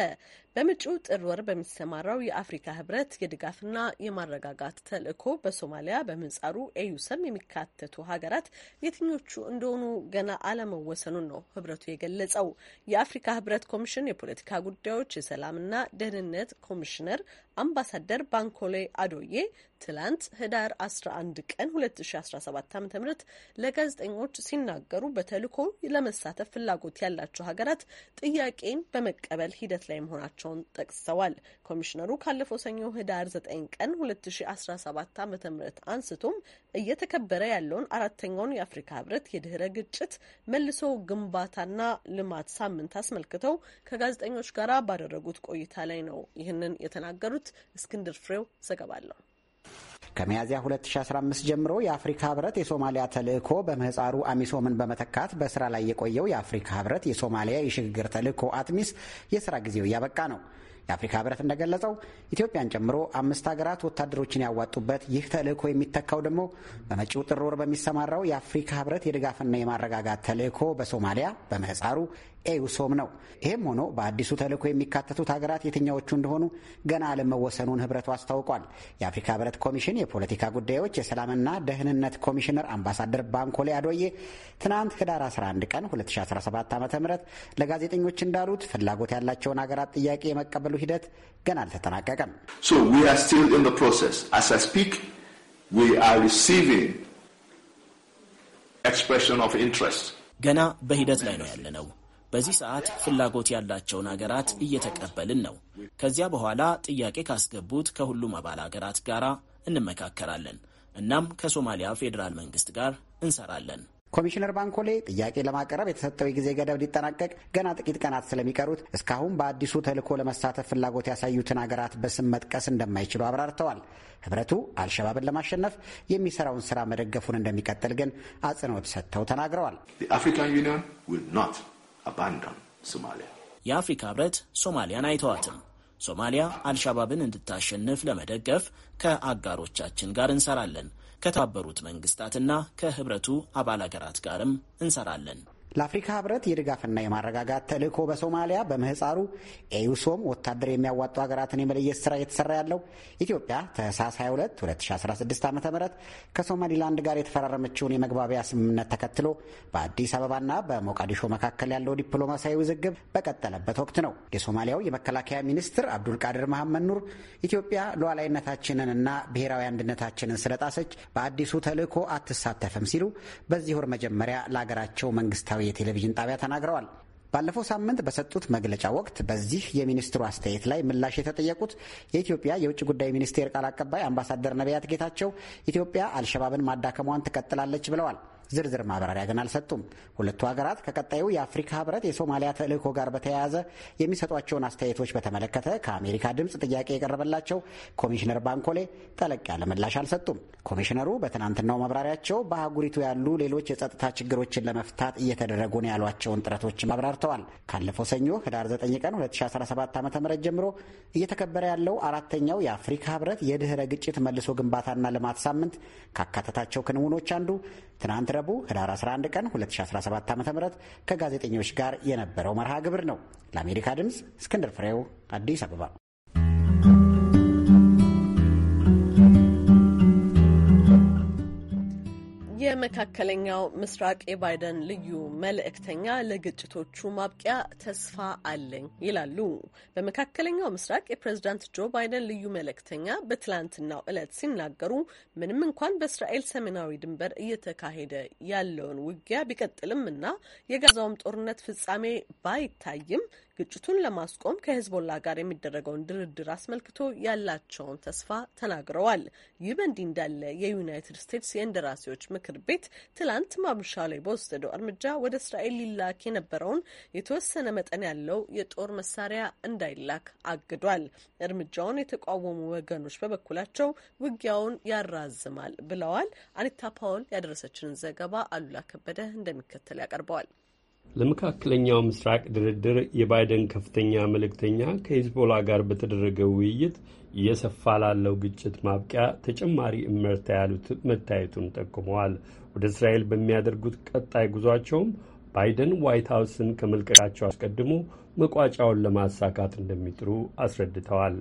በመጪው ጥር ወር በሚሰማራው የአፍሪካ ህብረት የድጋፍና የማረጋጋት ተልዕኮ በሶማሊያ በምህጻሩ ኤዩሰም የሚካተቱ ሀገራት የትኞቹ እንደሆኑ ገና አለመወሰኑን ነው ህብረቱ የገለጸው። የአፍሪካ ህብረት ኮሚሽን የፖለቲካ ጉዳዮች የሰላምና ደህንነት ኮሚሽነር አምባሳደር ባንኮሌ አዶዬ ትላንት ህዳር 11 ቀን 2017 ዓ ም ለጋዜጠኞች ሲናገሩ በተልዕኮ ለመሳተፍ ፍላጎት ያላቸው ሀገራት ጥያቄን በመቀበል ሂደት ላይ መሆናቸው መሆናቸውን ጠቅሰዋል። ኮሚሽነሩ ካለፈው ሰኞ ህዳር 9 ቀን 2017 ዓ ም አንስቶም እየተከበረ ያለውን አራተኛውን የአፍሪካ ህብረት የድህረ ግጭት መልሶ ግንባታና ልማት ሳምንት አስመልክተው ከጋዜጠኞች ጋር ባደረጉት ቆይታ ላይ ነው ይህንን የተናገሩት። እስክንድር ፍሬው ዘገባ አለው። ከሚያዝያ 2015 ጀምሮ የአፍሪካ ህብረት የሶማሊያ ተልእኮ በምህፃሩ አሚሶምን በመተካት በስራ ላይ የቆየው የአፍሪካ ህብረት የሶማሊያ የሽግግር ተልእኮ አትሚስ የስራ ጊዜው እያበቃ ነው። የአፍሪካ ህብረት እንደገለጸው ኢትዮጵያን ጨምሮ አምስት ሀገራት ወታደሮችን ያዋጡበት ይህ ተልእኮ የሚተካው ደግሞ በመጪው ጥር ወር በሚሰማራው የአፍሪካ ህብረት የድጋፍና የማረጋጋት ተልእኮ በሶማሊያ በምህፃሩ ኤውሶም ነው። ይህም ሆኖ በአዲሱ ተልዕኮ የሚካተቱት ሀገራት የትኛዎቹ እንደሆኑ ገና አለመወሰኑን ህብረቱ አስታውቋል። የአፍሪካ ህብረት ኮሚሽን የፖለቲካ ጉዳዮች የሰላምና ደህንነት ኮሚሽነር አምባሳደር ባንኮሌ አዶዬ ትናንት ህዳር 11 ቀን 2017 ዓ ም ለጋዜጠኞች እንዳሉት ፍላጎት ያላቸውን ሀገራት ጥያቄ የመቀበሉ ሂደት ገና አልተጠናቀቀም። ገና በሂደት ላይ ነው ያለነው። በዚህ ሰዓት ፍላጎት ያላቸውን አገራት እየተቀበልን ነው። ከዚያ በኋላ ጥያቄ ካስገቡት ከሁሉም አባል አገራት ጋር እንመካከራለን። እናም ከሶማሊያ ፌዴራል መንግስት ጋር እንሰራለን። ኮሚሽነር ባንኮሌ ጥያቄ ለማቅረብ የተሰጠው የጊዜ ገደብ ሊጠናቀቅ ገና ጥቂት ቀናት ስለሚቀሩት እስካሁን በአዲሱ ተልዕኮ ለመሳተፍ ፍላጎት ያሳዩትን አገራት በስም መጥቀስ እንደማይችሉ አብራርተዋል። ህብረቱ አልሸባብን ለማሸነፍ የሚሰራውን ስራ መደገፉን እንደሚቀጥል ግን አጽንኦት ሰጥተው ተናግረዋል። አባንዳን ሶማሊያ የአፍሪካ ህብረት ሶማሊያን አይተዋትም። ሶማሊያ አልሻባብን እንድታሸንፍ ለመደገፍ ከአጋሮቻችን ጋር እንሰራለን። ከተባበሩት መንግስታትና ከህብረቱ አባል ሀገራት ጋርም እንሰራለን። ለአፍሪካ ህብረት የድጋፍና የማረጋጋት ተልእኮ በሶማሊያ በምህፃሩ ኤዩሶም ወታደር የሚያዋጡ ሀገራትን የመለየት ስራ እየተሰራ ያለው ኢትዮጵያ ተሳስ 22 2016 ዓ ም ከሶማሊላንድ ጋር የተፈራረመችውን የመግባቢያ ስምምነት ተከትሎ በአዲስ አበባና በሞቃዲሾ መካከል ያለው ዲፕሎማሲያዊ ውዝግብ በቀጠለበት ወቅት ነው። የሶማሊያው የመከላከያ ሚኒስትር አብዱልቃድር መሐመድ ኑር ኢትዮጵያ ሉዓላዊነታችንንና ብሔራዊ አንድነታችንን ስለጣሰች በአዲሱ ተልእኮ አትሳተፍም ሲሉ በዚህ ወር መጀመሪያ ለሀገራቸው መንግስታዊ የቴሌቪዥን ጣቢያ ተናግረዋል። ባለፈው ሳምንት በሰጡት መግለጫ ወቅት በዚህ የሚኒስትሩ አስተያየት ላይ ምላሽ የተጠየቁት የኢትዮጵያ የውጭ ጉዳይ ሚኒስቴር ቃል አቀባይ አምባሳደር ነቢያት ጌታቸው ኢትዮጵያ አልሸባብን ማዳከሟን ትቀጥላለች ብለዋል። ዝርዝር ማብራሪያ ግን አልሰጡም። ሁለቱ ሀገራት ከቀጣዩ የአፍሪካ ህብረት የሶማሊያ ተልእኮ ጋር በተያያዘ የሚሰጧቸውን አስተያየቶች በተመለከተ ከአሜሪካ ድምፅ ጥያቄ የቀረበላቸው ኮሚሽነር ባንኮሌ ጠለቅ ያለ ምላሽ አልሰጡም። ኮሚሽነሩ በትናንትናው ማብራሪያቸው በአህጉሪቱ ያሉ ሌሎች የጸጥታ ችግሮችን ለመፍታት እየተደረጉ ነው ያሏቸውን ጥረቶችም አብራርተዋል። ካለፈው ሰኞ ህዳር 9 ቀን 2017 ዓ ም ጀምሮ እየተከበረ ያለው አራተኛው የአፍሪካ ህብረት የድህረ ግጭት መልሶ ግንባታና ልማት ሳምንት ካካተታቸው ክንውኖች አንዱ ትናንት ረቡዕ ህዳር 11 ቀን 2017 ዓ ም ከጋዜጠኞች ጋር የነበረው መርሃ ግብር ነው። ለአሜሪካ ድምፅ እስክንድር ፍሬው አዲስ አበባ የመካከለኛው ምስራቅ የባይደን ልዩ መልእክተኛ ለግጭቶቹ ማብቂያ ተስፋ አለኝ ይላሉ። በመካከለኛው ምስራቅ የፕሬዝዳንት ጆ ባይደን ልዩ መልእክተኛ በትላንትናው ዕለት ሲናገሩ ምንም እንኳን በእስራኤል ሰሜናዊ ድንበር እየተካሄደ ያለውን ውጊያ ቢቀጥልም እና የጋዛውም ጦርነት ፍጻሜ ባይታይም ግጭቱን ለማስቆም ከህዝቦላ ጋር የሚደረገውን ድርድር አስመልክቶ ያላቸውን ተስፋ ተናግረዋል። ይህ በእንዲህ እንዳለ የዩናይትድ ስቴትስ የእንደራሴዎች ምክር ቤት ትላንት ማብሻ ላይ በወሰደው እርምጃ ወደ እስራኤል ሊላክ የነበረውን የተወሰነ መጠን ያለው የጦር መሳሪያ እንዳይላክ አግዷል። እርምጃውን የተቃወሙ ወገኖች በበኩላቸው ውጊያውን ያራዝማል ብለዋል። አኒታ ፓውል ያደረሰችንን ዘገባ አሉላ ከበደ እንደሚከተል ያቀርበዋል። ለመካከለኛው ምስራቅ ድርድር የባይደን ከፍተኛ መልእክተኛ ከሂዝቦላ ጋር በተደረገ ውይይት እየሰፋ ላለው ግጭት ማብቂያ ተጨማሪ እመርታ ያሉት መታየቱን ጠቁመዋል። ወደ እስራኤል በሚያደርጉት ቀጣይ ጉዟቸውም ባይደን ዋይት ሀውስን ከመልቀቃቸው አስቀድሞ መቋጫውን ለማሳካት እንደሚጥሩ አስረድተዋል።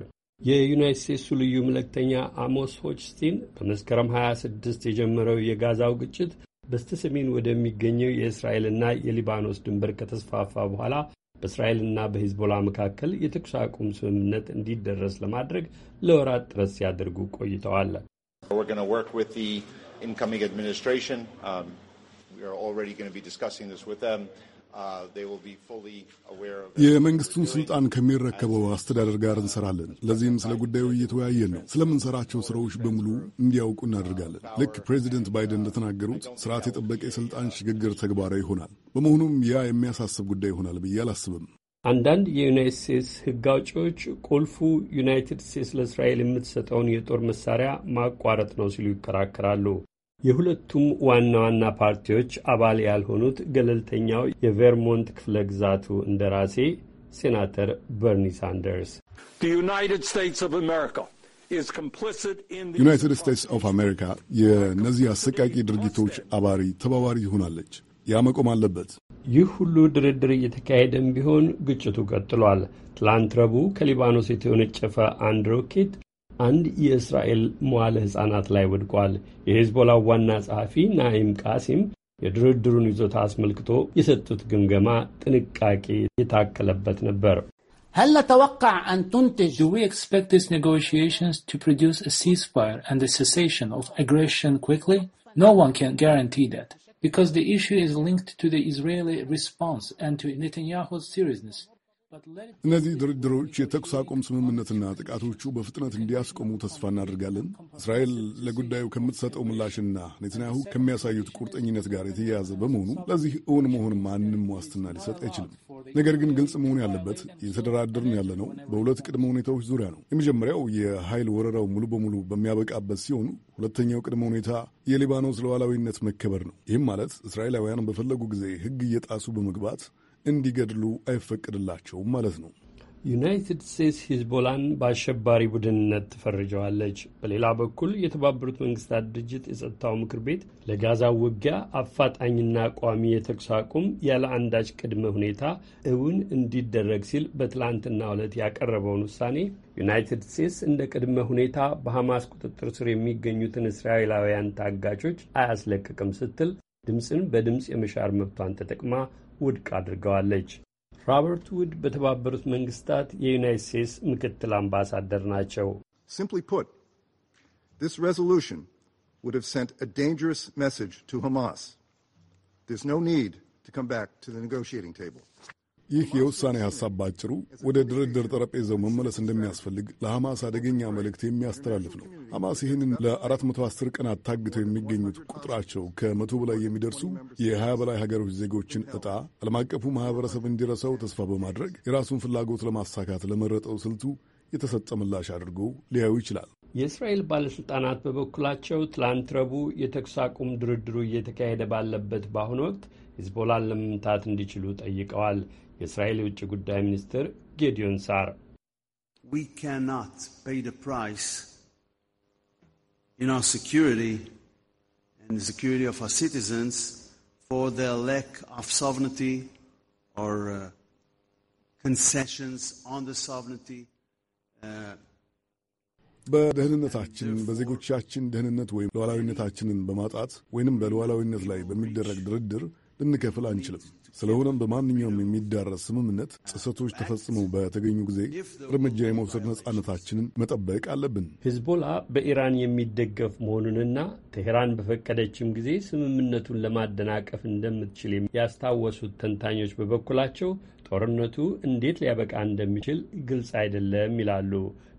የዩናይት ስቴትሱ ልዩ መልእክተኛ አሞስ ሆችስቲን በመስከረም 26 የጀመረው የጋዛው ግጭት በስተሰሜን ወደሚገኘው የእስራኤልና የሊባኖስ ድንበር ከተስፋፋ በኋላ በእስራኤልና በሂዝቦላ መካከል የተኩስ አቁም ስምምነት እንዲደረስ ለማድረግ ለወራት ጥረት ሲያደርጉ ቆይተዋል። Uh, የመንግስቱን ስልጣን ከሚረከበው አስተዳደር ጋር እንሰራለን። ለዚህም ስለ ጉዳዩ እየተወያየን ነው። ስለምንሰራቸው ስራዎች በሙሉ እንዲያውቁ እናደርጋለን። ልክ ፕሬዚደንት ባይደን እንደተናገሩት ስርዓት የጠበቀ የስልጣን ሽግግር ተግባራዊ ይሆናል። በመሆኑም ያ የሚያሳስብ ጉዳይ ይሆናል ብዬ አላስብም። አንዳንድ የዩናይት ስቴትስ ሕግ አውጪዎች ቁልፉ ዩናይትድ ስቴትስ ለእስራኤል የምትሰጠውን የጦር መሳሪያ ማቋረጥ ነው ሲሉ ይከራከራሉ። የሁለቱም ዋና ዋና ፓርቲዎች አባል ያልሆኑት ገለልተኛው የቬርሞንት ክፍለ ግዛቱ እንደራሴ ሴናተር በርኒ ሳንደርስ ዩናይትድ ስቴትስ ኦፍ አሜሪካ የእነዚህ አሰቃቂ ድርጊቶች አባሪ ተባባሪ ይሆናለች። ያ መቆም አለበት። ይህ ሁሉ ድርድር እየተካሄደም ቢሆን ግጭቱ ቀጥሏል። ትላንት ረቡዕ ከሊባኖስ የተወነጨፈ አንድ ሮኬት አንድ የእስራኤል መዋለ ሕፃናት ላይ ወድቋል። የሄዝቦላው ዋና ጸሐፊ ናኢም ቃሲም የድርድሩን ይዞታ አስመልክቶ የሰጡት ግምገማ ጥንቃቄ የታከለበት ነበር። هل نتوقع أن تنتج Do we expect these negotiations to produce a ceasefire and a cessation of aggression quickly? No one can guarantee that because the issue is linked to the Israeli response and to Netanyahu's seriousness. እነዚህ ድርድሮች የተኩስ አቁም ስምምነትና ጥቃቶቹ በፍጥነት እንዲያስቆሙ ተስፋ እናደርጋለን። እስራኤል ለጉዳዩ ከምትሰጠው ምላሽና ኔትንያሁ ከሚያሳዩት ቁርጠኝነት ጋር የተያያዘ በመሆኑ ለዚህ እውን መሆን ማንም ዋስትና ሊሰጥ አይችልም። ነገር ግን ግልጽ መሆን ያለበት እየተደራደርን ያለነው በሁለት ቅድመ ሁኔታዎች ዙሪያ ነው። የመጀመሪያው የኃይል ወረራው ሙሉ በሙሉ በሚያበቃበት ሲሆኑ፣ ሁለተኛው ቅድመ ሁኔታ የሊባኖስ ሉዓላዊነት መከበር ነው። ይህም ማለት እስራኤላውያን በፈለጉ ጊዜ ሕግ እየጣሱ በመግባት እንዲገድሉ አይፈቅድላቸውም ማለት ነው። ዩናይትድ ስቴትስ ሂዝቦላን በአሸባሪ ቡድንነት ትፈርጀዋለች። በሌላ በኩል የተባበሩት መንግስታት ድርጅት የጸጥታው ምክር ቤት ለጋዛ ውጊያ አፋጣኝና ቋሚ የተኩስ አቁም ያለ አንዳች ቅድመ ሁኔታ እውን እንዲደረግ ሲል በትላንትናው ዕለት ያቀረበውን ውሳኔ ዩናይትድ ስቴትስ እንደ ቅድመ ሁኔታ በሐማስ ቁጥጥር ስር የሚገኙትን እስራኤላውያን ታጋቾች አያስለቅቅም ስትል ድምፅን በድምፅ የመሻር መብቷን ተጠቅማ ውድቅ አድርገዋለች። ሮበርት ውድ በተባበሩት Simply put, this resolution would have sent a dangerous message to Hamas. There's no need to come back to the negotiating table. ይህ የውሳኔ ሀሳብ በአጭሩ ወደ ድርድር ጠረጴዛው መመለስ እንደሚያስፈልግ ለሐማስ አደገኛ መልእክት የሚያስተላልፍ ነው። ሐማስ ይህንን ለ410 ቀናት ታግተው የሚገኙት ቁጥራቸው ከመቶ በላይ የሚደርሱ የ20 በላይ ሀገሮች ዜጎችን ዕጣ ዓለም አቀፉ ማህበረሰብ እንዲረሳው ተስፋ በማድረግ የራሱን ፍላጎት ለማሳካት ለመረጠው ስልቱ የተሰጠ ምላሽ አድርጎ ሊያዩ ይችላል። የእስራኤል ባለሥልጣናት በበኩላቸው ትላንት ረቡዕ የተኩስ አቁም ድርድሩ እየተካሄደ ባለበት በአሁኑ ወቅት ሂዝቦላን ለመምታት እንዲችሉ ጠይቀዋል። የእስራኤል የውጭ ጉዳይ ሚኒስትር ጌዲዮን ሳር በደህንነታችን በዜጎቻችን ደህንነት ወይም ሉዓላዊነታችንን በማጣት ወይንም በሉዓላዊነት ላይ በሚደረግ ድርድር ልንከፍል አንችልም። ስለሆነም በማንኛውም የሚዳረስ ስምምነት ጥሰቶች ተፈጽመው በተገኙ ጊዜ እርምጃ የመውሰድ ነጻነታችንን መጠበቅ አለብን። ሂዝቦላ በኢራን የሚደገፍ መሆኑንና ቴሄራን በፈቀደችም ጊዜ ስምምነቱን ለማደናቀፍ እንደምትችል ያስታወሱት ተንታኞች በበኩላቸው ጦርነቱ እንዴት ሊያበቃ እንደሚችል ግልጽ አይደለም ይላሉ።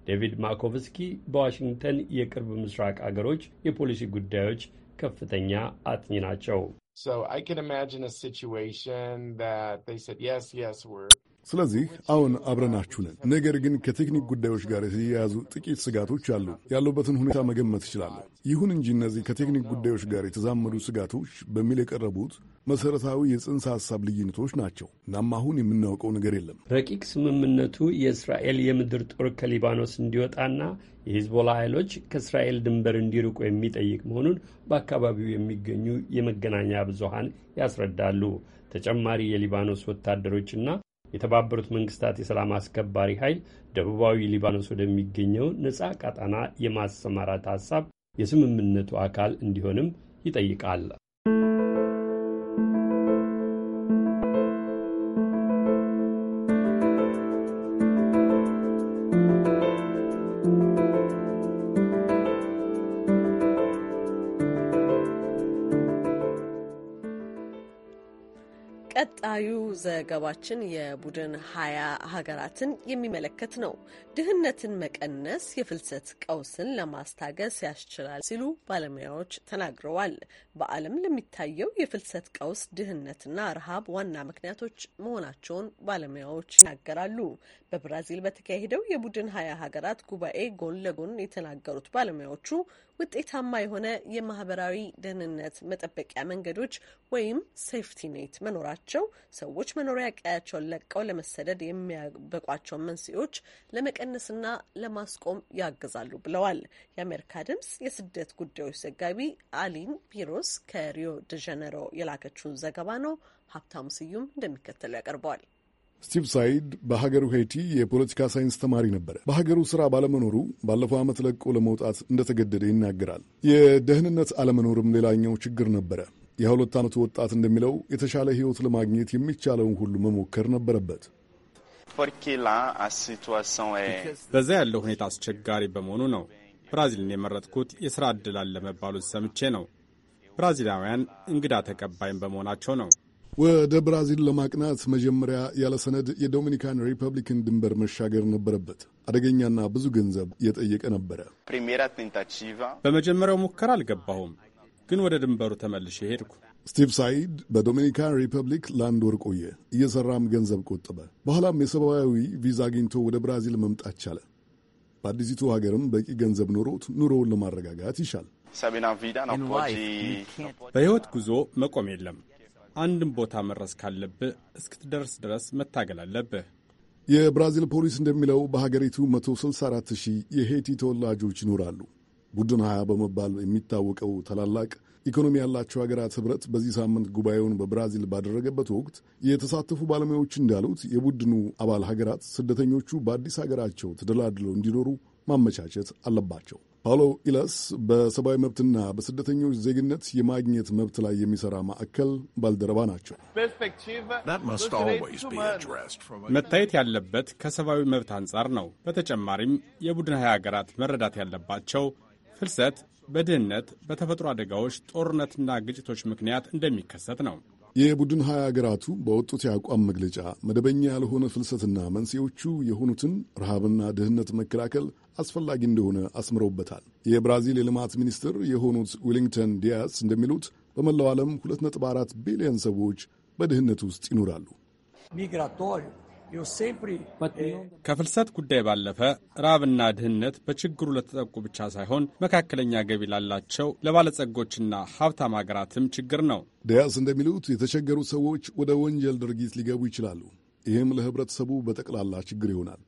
ዴቪድ ማኮቭስኪ በዋሽንግተን የቅርብ ምስራቅ አገሮች የፖሊሲ ጉዳዮች ከፍተኛ አጥኚ ናቸው። ስለዚህ አሁን አብረናችሁ ነን። ነገር ግን ከቴክኒክ ጉዳዮች ጋር የተያያዙ ጥቂት ስጋቶች አሉ። ያሉበትን ሁኔታ መገመት እችላለሁ። ይሁን እንጂ እነዚህ ከቴክኒክ ጉዳዮች ጋር የተዛመዱ ስጋቶች በሚል የቀረቡት መሰረታዊ የጽንሰ ሀሳብ ልዩነቶች ናቸው። እናም አሁን የምናውቀው ነገር የለም። ረቂቅ ስምምነቱ የእስራኤል የምድር ጦር ከሊባኖስ እንዲወጣና የሂዝቦላ ኃይሎች ከእስራኤል ድንበር እንዲርቁ የሚጠይቅ መሆኑን በአካባቢው የሚገኙ የመገናኛ ብዙሃን ያስረዳሉ። ተጨማሪ የሊባኖስ ወታደሮችና የተባበሩት መንግስታት የሰላም አስከባሪ ኃይል ደቡባዊ ሊባኖስ ወደሚገኘው ነፃ ቃጣና የማሰማራት ሀሳብ የስምምነቱ አካል እንዲሆንም ይጠይቃል። ቀጣዩ ዘገባችን የቡድን ሀያ ሀገራትን የሚመለከት ነው። ድህነትን መቀነስ የፍልሰት ቀውስን ለማስታገስ ያስችላል ሲሉ ባለሙያዎች ተናግረዋል። በዓለም ለሚታየው የፍልሰት ቀውስ ድህነትና ረሃብ ዋና ምክንያቶች መሆናቸውን ባለሙያዎች ይናገራሉ። በብራዚል በተካሄደው የቡድን ሀያ ሀገራት ጉባኤ ጎን ለጎን የተናገሩት ባለሙያዎቹ ውጤታማ የሆነ የማህበራዊ ደህንነት መጠበቂያ መንገዶች ወይም ሴፍቲ ኔት መኖራቸው ሰዎች መኖሪያ ቀያቸውን ለቀው ለመሰደድ የሚያበቋቸውን መንስኤዎች ለመቀነስና ለማስቆም ያግዛሉ ብለዋል። የአሜሪካ ድምጽ የስደት ጉዳዮች ዘጋቢ አሊን ቢሮስ ከሪዮ ደ ጀነሮ የላከችውን ዘገባ ነው። ሀብታሙ ስዩም እንደሚከተለው ያቀርበዋል። ስቲቭ ሳይድ በሀገሩ ሄይቲ የፖለቲካ ሳይንስ ተማሪ ነበረ። በሀገሩ ስራ ባለመኖሩ ባለፈው ዓመት ለቆ ለመውጣት እንደተገደደ ይናገራል። የደህንነት አለመኖርም ሌላኛው ችግር ነበረ። የሁለት ዓመቱ ወጣት እንደሚለው የተሻለ ህይወት ለማግኘት የሚቻለውን ሁሉ መሞከር ነበረበት። በዛ ያለው ሁኔታ አስቸጋሪ በመሆኑ ነው ብራዚልን የመረጥኩት። የሥራ ዕድል አለ መባሉን ሰምቼ ነው። ብራዚላውያን እንግዳ ተቀባይም በመሆናቸው ነው። ወደ ብራዚል ለማቅናት መጀመሪያ ያለ ሰነድ የዶሚኒካን ሪፐብሊክን ድንበር መሻገር ነበረበት። አደገኛና ብዙ ገንዘብ የጠየቀ ነበረ። በመጀመሪያው ሙከራ አልገባሁም፣ ግን ወደ ድንበሩ ተመልሼ ሄድኩ። ስቲቭ ሳይድ በዶሚኒካን ሪፐብሊክ ለአንድ ወር ቆየ። እየሰራም ገንዘብ ቆጠበ። በኋላም የሰብአዊ ቪዛ አግኝቶ ወደ ብራዚል መምጣት ቻለ። በአዲሲቱ ሀገርም በቂ ገንዘብ ኖሮት ኑሮውን ለማረጋጋት ይሻል። በሕይወት ጉዞ መቆም የለም አንድም ቦታ መድረስ ካለብህ እስክትደርስ ድረስ መታገል አለብህ። የብራዚል ፖሊስ እንደሚለው በሀገሪቱ 164 ሺህ የሄቲ ተወላጆች ይኖራሉ። ቡድን 20 በመባል የሚታወቀው ታላላቅ ኢኮኖሚ ያላቸው ሀገራት ህብረት በዚህ ሳምንት ጉባኤውን በብራዚል ባደረገበት ወቅት የተሳተፉ ባለሙያዎች እንዳሉት የቡድኑ አባል ሀገራት ስደተኞቹ በአዲስ ሀገራቸው ተደላድለው እንዲኖሩ ማመቻቸት አለባቸው። ፓውሎ ኢላስ በሰብአዊ መብትና በስደተኞች ዜግነት የማግኘት መብት ላይ የሚሰራ ማዕከል ባልደረባ ናቸው። መታየት ያለበት ከሰብአዊ መብት አንጻር ነው። በተጨማሪም የቡድን ሀያ ሀገራት መረዳት ያለባቸው ፍልሰት በድህነት፣ በተፈጥሮ አደጋዎች፣ ጦርነትና ግጭቶች ምክንያት እንደሚከሰት ነው። የቡድን ሀያ ሀገራቱ በወጡት የአቋም መግለጫ መደበኛ ያልሆነ ፍልሰትና መንስኤዎቹ የሆኑትን ረሃብና ድህነት መከላከል አስፈላጊ እንደሆነ አስምረውበታል። የብራዚል የልማት ሚኒስትር የሆኑት ዊሊንግተን ዲያስ እንደሚሉት በመላው ዓለም 2.4 ቢሊዮን ሰዎች በድህነት ውስጥ ይኖራሉ። Eh, ከፍልሰት ጉዳይ ባለፈ ራብና ድህነት በችግሩ ለተጠቁ ብቻ ሳይሆን መካከለኛ ገቢ ላላቸው ለባለጸጎችና ሀብታም ሀገራትም ችግር ነው። ዲያስ እንደሚሉት የተቸገሩ ሰዎች ወደ ወንጀል ድርጊት ሊገቡ ይችላሉ። ይህም ለህብረተሰቡ በጠቅላላ ችግር ይሆናል።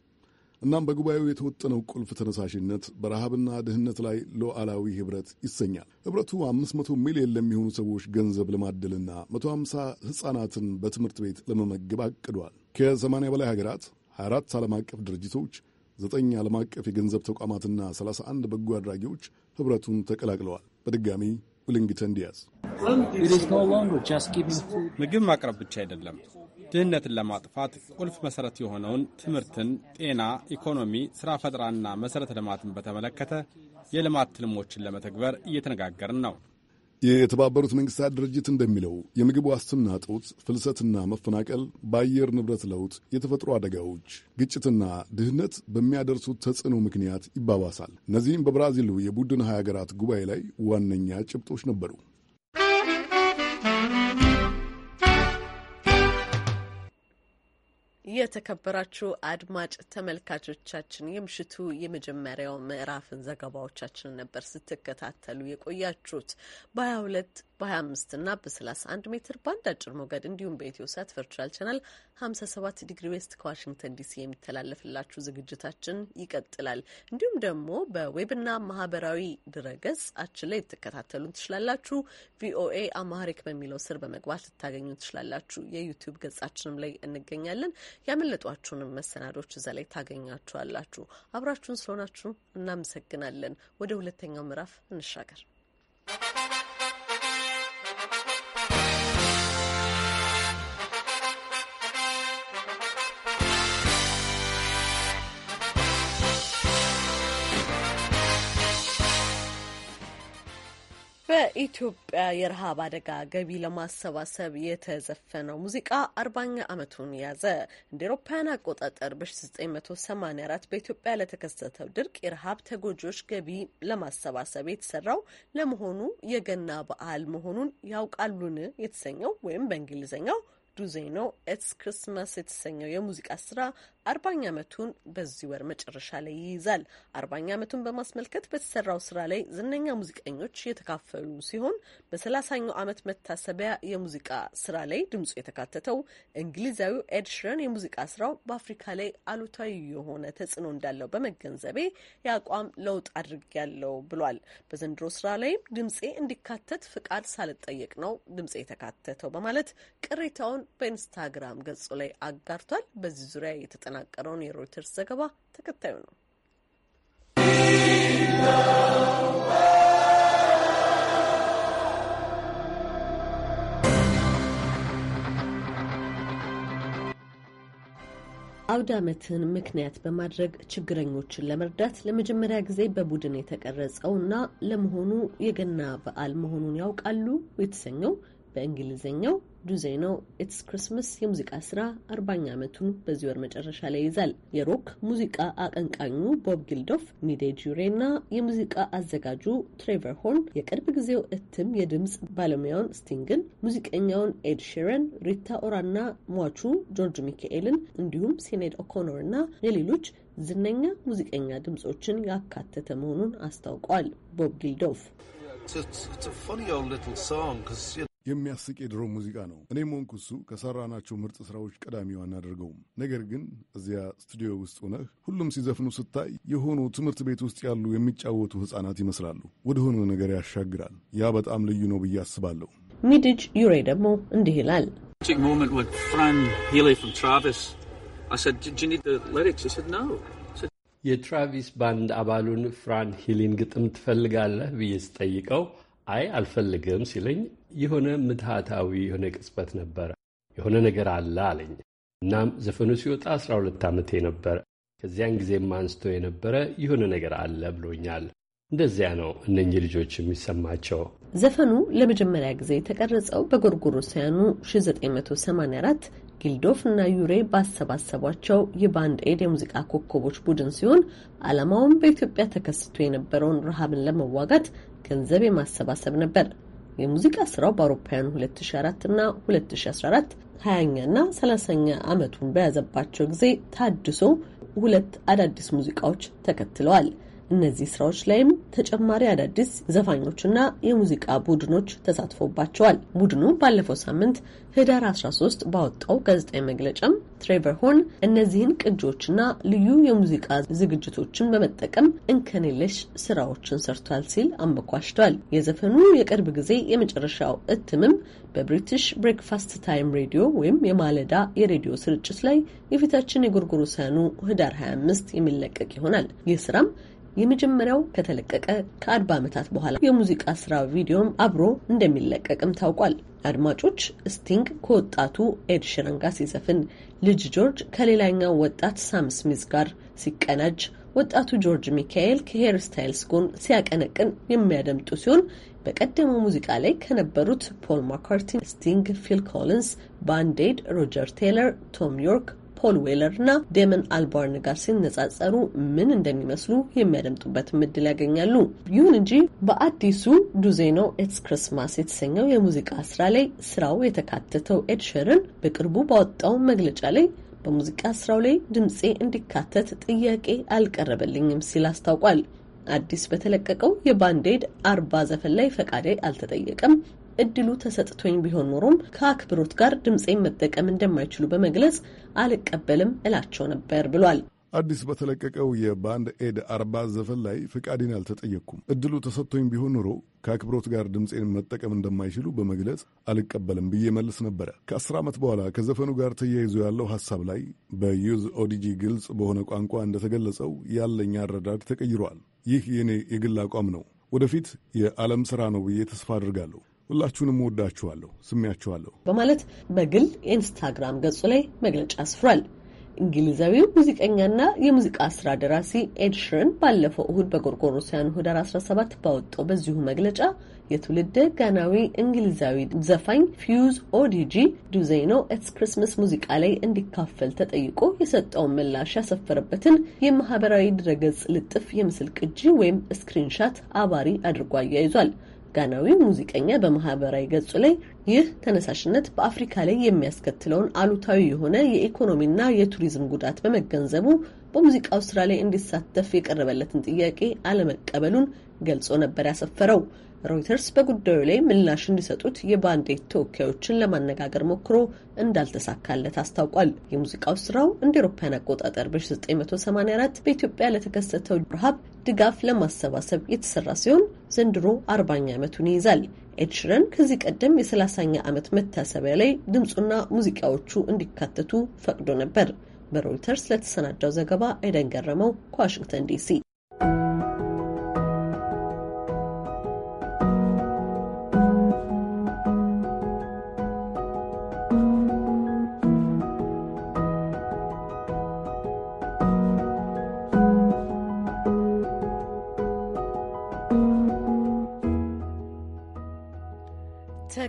እናም በጉባኤው የተወጠነው ቁልፍ ተነሳሽነት በረሃብና ድህነት ላይ ሉዓላዊ ኅብረት ይሰኛል። ኅብረቱ 500 ሚሊዮን ለሚሆኑ ሰዎች ገንዘብ ለማደልና 150 ሕፃናትን በትምህርት ቤት ለመመገብ አቅዷል። ከሰማንያ በላይ ሀገራት 24 ዓለም አቀፍ ድርጅቶች ዘጠኝ ዓለም አቀፍ የገንዘብ ተቋማትና 31 በጎ አድራጊዎች ኅብረቱን ተቀላቅለዋል። በድጋሚ ውልንግተን ዲያዝ ምግብ ማቅረብ ብቻ አይደለም። ድህነትን ለማጥፋት ቁልፍ መሠረት የሆነውን ትምህርትን፣ ጤና፣ ኢኮኖሚ፣ ሥራ ፈጠራና መሠረተ ልማትን በተመለከተ የልማት ትልሞችን ለመተግበር እየተነጋገርን ነው። የተባበሩት መንግስታት ድርጅት እንደሚለው የምግብ ዋስትና እጦት፣ ፍልሰትና መፈናቀል፣ በአየር ንብረት ለውጥ፣ የተፈጥሮ አደጋዎች፣ ግጭትና ድህነት በሚያደርሱት ተጽዕኖ ምክንያት ይባባሳል። እነዚህም በብራዚሉ የቡድን ሀያ ሀገራት ጉባኤ ላይ ዋነኛ ጭብጦች ነበሩ። የተከበራችሁ አድማጭ ተመልካቾቻችን የምሽቱ የመጀመሪያው ምዕራፍን ዘገባዎቻችንን ነበር ስትከታተሉ የቆያችሁት በ22 በ25 እና በ31 ሜትር ባንድ አጭር ሞገድ እንዲሁም በኢትዮ ሳት ቨርቹዋል ቻናል 57 ዲግሪ ዌስት ከዋሽንግተን ዲሲ የሚተላለፍላችሁ ዝግጅታችን ይቀጥላል። እንዲሁም ደግሞ በዌብና ማህበራዊ አችን ላይ ልትከታተሉን ትችላላችሁ። ቪኦኤ አማሪክ በሚለው ስር በመግባት ልታገኙ ትችላላችሁ። የዩቲዩብ ገጻችንም ላይ እንገኛለን። ያመለጧችሁንም መሰናዶች እዛ ላይ ታገኛችኋላችሁ። አብራችሁን ስለሆናችሁ እናመሰግናለን። ወደ ሁለተኛው ምዕራፍ እንሻገር። የኢትዮጵያ የረሃብ አደጋ ገቢ ለማሰባሰብ የተዘፈነው ሙዚቃ አርባኛ ዓመቱን ያዘ። እንደ ኤሮፓያን አቆጣጠር በ1984 በኢትዮጵያ ለተከሰተው ድርቅ የረሃብ ተጎጂዎች ገቢ ለማሰባሰብ የተሰራው ለመሆኑ የገና በዓል መሆኑን ያውቃሉን የተሰኘው ወይም በእንግሊዝኛው ዱዜኖ ኤትስ ክርስትማስ የተሰኘው የሙዚቃ ስራ አርባኛ ዓመቱን በዚህ ወር መጨረሻ ላይ ይይዛል። አርባኛ ዓመቱን በማስመልከት በተሰራው ስራ ላይ ዝነኛ ሙዚቀኞች የተካፈሉ ሲሆን በሰላሳኛው ዓመት መታሰቢያ የሙዚቃ ስራ ላይ ድምፁ የተካተተው እንግሊዛዊው ኤድሽረን የሙዚቃ ስራው በአፍሪካ ላይ አሉታዊ የሆነ ተጽዕኖ እንዳለው በመገንዘቤ የአቋም ለውጥ አድርጌያለሁ ብሏል። በዘንድሮ ስራ ላይም ድምፄ እንዲካተት ፍቃድ ሳልጠየቅ ነው ድምፄ የተካተተው በማለት ቅሬታውን በኢንስታግራም ገጹ ላይ አጋርቷል። በዚህ ዙሪያ የተጠ የተጠናቀረውን የሮይተርስ ዘገባ ተከታዩ ነው። አውድ ዓመትን ምክንያት በማድረግ ችግረኞችን ለመርዳት ለመጀመሪያ ጊዜ በቡድን የተቀረጸው እና ለመሆኑ የገና በዓል መሆኑን ያውቃሉ የተሰኘው በእንግሊዝኛው ነው። ኢትስ ክርስምስ የሙዚቃ ስራ አርባኛ ዓመቱን በዚህ ወር መጨረሻ ላይ ይዛል። የሮክ ሙዚቃ አቀንቃኙ ቦብ ጊልዶፍ፣ ሚዴ ጁሬ እና የሙዚቃ አዘጋጁ ትሬቨር ሆርን የቅርብ ጊዜው እትም የድምፅ ባለሙያውን ስቲንግን፣ ሙዚቀኛውን ኤድ ሼረን፣ ሪታ ኦራና ሟቹ ጆርጅ ሚካኤልን እንዲሁም ሴኔድ ኦኮኖር እና የሌሎች ዝነኛ ሙዚቀኛ ድምፆችን ያካተተ መሆኑን አስታውቋል። ቦብ ጊልዶፍ የሚያስቅ የድሮ ሙዚቃ ነው። እኔም ሆንኩ እሱ ከሰራናቸው ምርጥ ስራዎች ቀዳሚው አናደርገውም። ነገር ግን እዚያ ስቱዲዮ ውስጥ ሆነህ ሁሉም ሲዘፍኑ ስታይ የሆኑ ትምህርት ቤት ውስጥ ያሉ የሚጫወቱ ሕጻናት ይመስላሉ። ወደሆነ ነገር ያሻግራል። ያ በጣም ልዩ ነው ብዬ አስባለሁ። ሚድጅ ዩሬ ደግሞ እንዲህ ይላል። የትራቪስ ባንድ አባሉን ፍራን ሂሊን ግጥም ትፈልጋለህ ብዬ ስጠይቀው አይ አልፈልግም ሲለኝ የሆነ ምትሃታዊ የሆነ ቅጽበት ነበር። የሆነ ነገር አለ አለኝ። እናም ዘፈኑ ሲወጣ አስራ ሁለት ዓመቴ ነበር። ከዚያን ጊዜም አንስቶ የነበረ የሆነ ነገር አለ ብሎኛል። እንደዚያ ነው እነኚህ ልጆች የሚሰማቸው። ዘፈኑ ለመጀመሪያ ጊዜ የተቀረጸው በጎርጎሮሳውያኑ 1984 ጊልዶፍ እና ዩሬ ባሰባሰቧቸው የባንድ ኤድ የሙዚቃ ኮከቦች ቡድን ሲሆን ዓላማውም በኢትዮጵያ ተከስቶ የነበረውን ረሃብን ለመዋጋት ገንዘብ የማሰባሰብ ነበር። የሙዚቃ ስራው በአውሮፓውያኑ 2004 እና 2014 20 30ኛ ዓመቱን በያዘባቸው ጊዜ ታድሶ ሁለት አዳዲስ ሙዚቃዎች ተከትለዋል። እነዚህ ስራዎች ላይም ተጨማሪ አዳዲስ ዘፋኞችና የሙዚቃ ቡድኖች ተሳትፎባቸዋል። ቡድኑ ባለፈው ሳምንት ህዳር 13 ባወጣው ጋዜጣዊ መግለጫም ትሬቨር ሆርን እነዚህን ቅጂዎችና ልዩ የሙዚቃ ዝግጅቶችን በመጠቀም እንከኔለሽ ስራዎችን ሰርቷል ሲል አመኳሽቷል። የዘፈኑ የቅርብ ጊዜ የመጨረሻው እትምም በብሪቲሽ ብሬክፋስት ታይም ሬዲዮ ወይም የማለዳ የሬዲዮ ስርጭት ላይ የፊታችን የጎርጎሮሳውያኑ ህዳር 25 የሚለቀቅ ይሆናል። ይህ ስራም የመጀመሪያው ከተለቀቀ ከአርባ ዓመታት በኋላ የሙዚቃ ስራ ቪዲዮም አብሮ እንደሚለቀቅም ታውቋል። አድማጮች፣ ስቲንግ ከወጣቱ ኤድ ጋር ሲዘፍን፣ ልጅ ጆርጅ ከሌላኛው ወጣት ሳም ስሚዝ ጋር ሲቀናጅ፣ ወጣቱ ጆርጅ ሚካኤል ከሄር ስታይልስ ጎን ሲያቀነቅን የሚያደምጡ ሲሆን በቀደመው ሙዚቃ ላይ ከነበሩት ፖል ማካርቲን፣ ስቲንግ፣ ፊል ኮሊንስ፣ ባንዴድ፣ ሮጀር ቴይለር፣ ቶም ዮርክ ፖል ዌለር እና ዴመን አልባርን ጋር ሲነጻጸሩ ምን እንደሚመስሉ የሚያደምጡበት ምድል ያገኛሉ። ይሁን እንጂ በአዲሱ ዱዜኖ ኢትስ ክርስማስ የተሰኘው የሙዚቃ ስራ ላይ ስራው የተካተተው ኤድሸርን በቅርቡ ባወጣው መግለጫ ላይ በሙዚቃ ስራው ላይ ድምፄ እንዲካተት ጥያቄ አልቀረበልኝም ሲል አስታውቋል። አዲስ በተለቀቀው የባንዴድ አርባ ዘፈን ላይ ፈቃዴ አልተጠየቀም እድሉ ተሰጥቶኝ ቢሆን ኖሮም ከአክብሮት ጋር ድምፄን መጠቀም እንደማይችሉ በመግለጽ አልቀበልም እላቸው ነበር ብሏል። አዲስ በተለቀቀው የባንድ ኤድ አርባ ዘፈን ላይ ፍቃድን አልተጠየቅኩም። እድሉ ተሰጥቶኝ ቢሆን ኖሮ ከአክብሮት ጋር ድምፄን መጠቀም እንደማይችሉ በመግለጽ አልቀበልም ብዬ መልስ ነበረ። ከአስር ዓመት በኋላ ከዘፈኑ ጋር ተያይዞ ያለው ሐሳብ ላይ በዩዝ ኦዲጂ ግልጽ በሆነ ቋንቋ እንደተገለጸው ያለኝ አረዳድ ተቀይሯል። ይህ የእኔ የግል አቋም ነው። ወደፊት የዓለም ሥራ ነው ብዬ ተስፋ አድርጋለሁ። ሁላችሁንም ወዳችኋለሁ፣ ስሜያችኋለሁ በማለት በግል ኢንስታግራም ገጹ ላይ መግለጫ አስፍሯል። እንግሊዛዊው ሙዚቀኛና የሙዚቃ ስራ ደራሲ ኤድሽርን ባለፈው እሁድ በጎርጎሮሳውያኑ ህዳር 17 ባወጣው በዚሁ መግለጫ የትውልደ ጋናዊ እንግሊዛዊ ዘፋኝ ፊውዝ ኦዲጂ ዱዜኖ ኤትስ ክርስምስ ሙዚቃ ላይ እንዲካፈል ተጠይቆ የሰጠውን ምላሽ ያሰፈረበትን የማህበራዊ ድረገጽ ልጥፍ የምስል ቅጂ ወይም ስክሪንሻት አባሪ አድርጎ አያይዟል። ጋናዊ ሙዚቀኛ በማህበራዊ ገጹ ላይ ይህ ተነሳሽነት በአፍሪካ ላይ የሚያስከትለውን አሉታዊ የሆነ የኢኮኖሚና የቱሪዝም ጉዳት በመገንዘቡ በሙዚቃው ስራ ላይ እንዲሳተፍ የቀረበለትን ጥያቄ አለመቀበሉን ገልጾ ነበር ያሰፈረው። ሮይተርስ በጉዳዩ ላይ ምላሽ እንዲሰጡት የባንዴት ተወካዮችን ለማነጋገር ሞክሮ እንዳልተሳካለት አስታውቋል። የሙዚቃው ስራው እንደ ኤሮፓያን አቆጣጠር በ1984 በኢትዮጵያ ለተከሰተው ረሃብ ድጋፍ ለማሰባሰብ የተሰራ ሲሆን ዘንድሮ አርባኛ ዓመቱን ይይዛል። ኤድሽረን ከዚህ ቀደም የሰላሳኛ ዓመት መታሰቢያ ላይ ድምፁና ሙዚቃዎቹ እንዲካተቱ ፈቅዶ ነበር። በሮይተርስ ለተሰናዳው ዘገባ አይደን ገረመው ከዋሽንግተን ዲሲ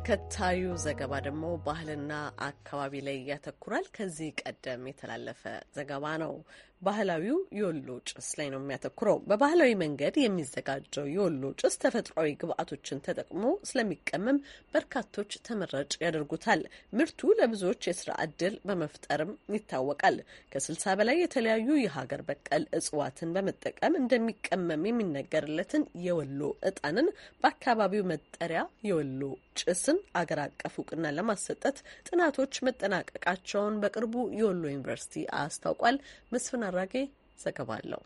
ተከታዩ ዘገባ ደግሞ ባህልና አካባቢ ላይ ያተኩራል። ከዚህ ቀደም የተላለፈ ዘገባ ነው። ባህላዊው የወሎ ጭስ ላይ ነው የሚያተኩረው። በባህላዊ መንገድ የሚዘጋጀው የወሎ ጭስ ተፈጥሯዊ ግብአቶችን ተጠቅሞ ስለሚቀመም በርካቶች ተመራጭ ያደርጉታል። ምርቱ ለብዙዎች የስራ እድል በመፍጠርም ይታወቃል። ከስልሳ በላይ የተለያዩ የሀገር በቀል እጽዋትን በመጠቀም እንደሚቀመም የሚነገርለትን የወሎ እጣንን በአካባቢው መጠሪያ የወሎ ጭስን አገር አቀፍ እውቅና ለማሰጠት ጥናቶች መጠናቀቃቸውን በቅርቡ የወሎ ዩኒቨርሲቲ አስታውቋል። መስፍን አራጌ ዘገባ አለው።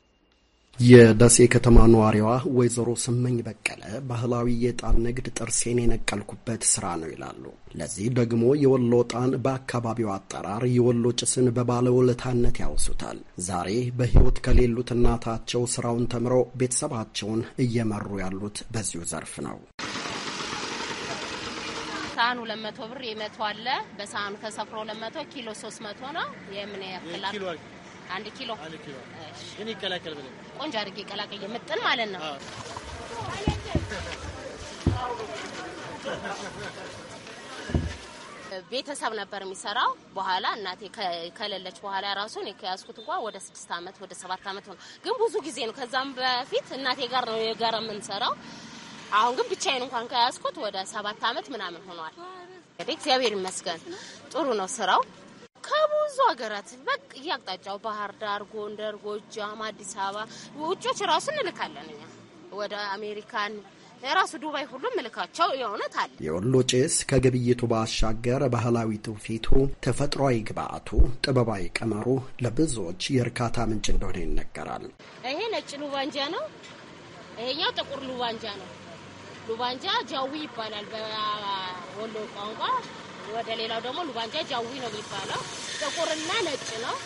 የደሴ ከተማ ነዋሪዋ ወይዘሮ ስመኝ በቀለ ባህላዊ የጣን ንግድ ጥርሴን የነቀልኩበት ስራ ነው ይላሉ። ለዚህ ደግሞ የወሎ ጣን በአካባቢው አጠራር የወሎ ጭስን በባለውለታነት ያወሱታል። ዛሬ በህይወት ከሌሉት እናታቸው ስራውን ተምረው ቤተሰባቸውን እየመሩ ያሉት በዚሁ ዘርፍ ነው። ሳህኑ ለመቶ ብር የመቶ አለ። በሳህኑ ተሰፍሮ ለመቶ ኪሎ ሶስት መቶ ነው የምን ያክላል አንድ ኪሎ ግን ይቀላቀል ብለን ቆንጆ አድርጌ ቀላቀየ ምጥን ማለት ነው። ቤተሰብ ነበር የሚሰራው። በኋላ እናቴ ከሌለች በኋላ ራሱ እኔ ከያዝኩት እንኳን ወደ ስድስት አመት ወደ ሰባት ዓመት ግን ብዙ ጊዜ ነው። ከዛም በፊት እናቴ ጋር ነው የጋራ የምንሰራው። አሁን ግን ብቻዬን እንኳን ከያዝኩት ወደ ሰባት አመት ምናምን ሆኗል። እንግዲህ እግዚአብሔር ይመስገን ጥሩ ነው ስራው። ከብዙ ሀገራት በየአቅጣጫው ባህር ዳር፣ ጎንደር፣ ጎጃም፣ አዲስ አበባ ውጮች ራሱ እንልካለን እኛ ወደ አሜሪካን የራሱ ዱባይ ሁሉም ምልካቸው የእውነት አለ። የወሎ ጭስ ከግብይቱ ባሻገር ባህላዊ ትውፊቱ፣ ተፈጥሯዊ ግብአቱ፣ ጥበባዊ ቀመሩ ለብዙዎች የእርካታ ምንጭ እንደሆነ ይነገራል። ይሄ ነጭ ሉባንጃ ነው። ይሄኛው ጥቁር ሉባንጃ ነው። ሉባንጃ ጃዊ ይባላል በወሎ ቋንቋ። ወደ ሌላው ደግሞ ሉባንጃ ጃዊ ነው የሚባለው። ጥቁርና ነጭ ነው።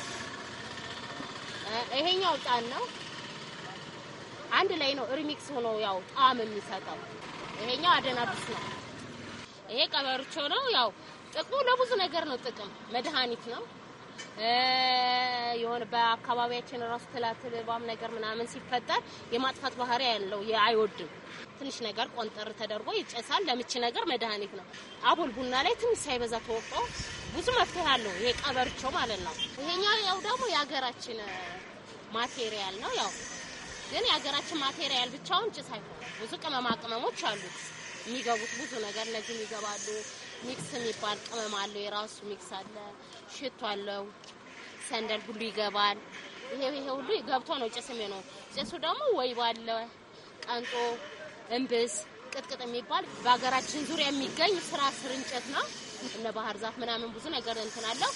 ይሄኛው ጣን ነው። አንድ ላይ ነው ሪሚክስ ሆኖ ያው ጣዕም የሚሰጠው። ይሄኛው አደናዱስ ነው። ይሄ ቀበርቾ ነው። ያው ጥቅሙ ለብዙ ነገር ነው። ጥቅም መድኃኒት ነው። የሆነ በአካባቢያችን ራሱ ትላትልባም ነገር ምናምን ሲፈጠር የማጥፋት ባህሪ ያለው አይወድም። ትንሽ ነገር ቆንጠር ተደርጎ ይጨሳል። ለምች ነገር መድኃኒት ነው። አቦል ቡና ላይ ትንሽ ሳይበዛ ተወቅጦ ብዙ መፍትሄ አለው። ይሄ ቀበርቾ ማለት ነው። ይሄኛው ያው ደግሞ የሀገራችን ማቴሪያል ነው። ያው ግን የሀገራችን ማቴሪያል ብቻውን ጭስ አይሆንም። ብዙ ቅመማ ቅመሞች አሉት የሚገቡት ብዙ ነገር እነዚህም ይገባሉ። ሚክስ የሚባል ቅመም አለው። የራሱ ሚክስ አለ፣ ሽቶ አለው፣ ሰንደል ሁሉ ይገባል። ይሄ ይሄ ሁሉ ገብቶ ነው ጭስ ነው። ጭሱ ደግሞ ወይ ባለ፣ ቀንጦ፣ እንብስ፣ ቅጥቅጥ የሚባል በሀገራችን ዙሪያ የሚገኝ ስራ ስር እንጨት ነው። እነ ባህር ዛፍ ምናምን ብዙ ነገር እንትን አለው።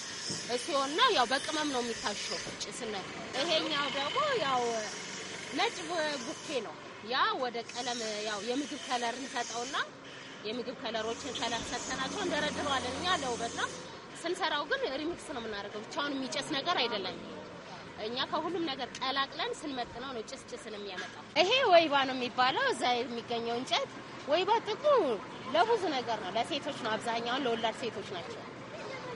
እሱና ያው በቅመም ነው የሚታሸው ጭስነት። ይሄኛው ደግሞ ያው ነጭ ቡኬ ነው። ያ ወደ ቀለም ያው የምግብ ከለር እንሰጠውና የምግብ ከለሮችን ከለር ሰጥተናቸው እንደረድረዋለን። እኛ ለውበት ነው ስንሰራው፣ ግን ሪሚክስ ነው የምናደርገው። ብቻውን የሚጨስ ነገር አይደለም። እኛ ከሁሉም ነገር ቀላቅለን ስንመጥነው ነው ጭስ ጭስን የሚያመጣው። ይሄ ወይባ ነው የሚባለው እዛ የሚገኘው እንጨት። ወይባ ጥቅሙ ለብዙ ነገር ነው። ለሴቶች ነው፣ አብዛኛውን ለወላድ ሴቶች ናቸው።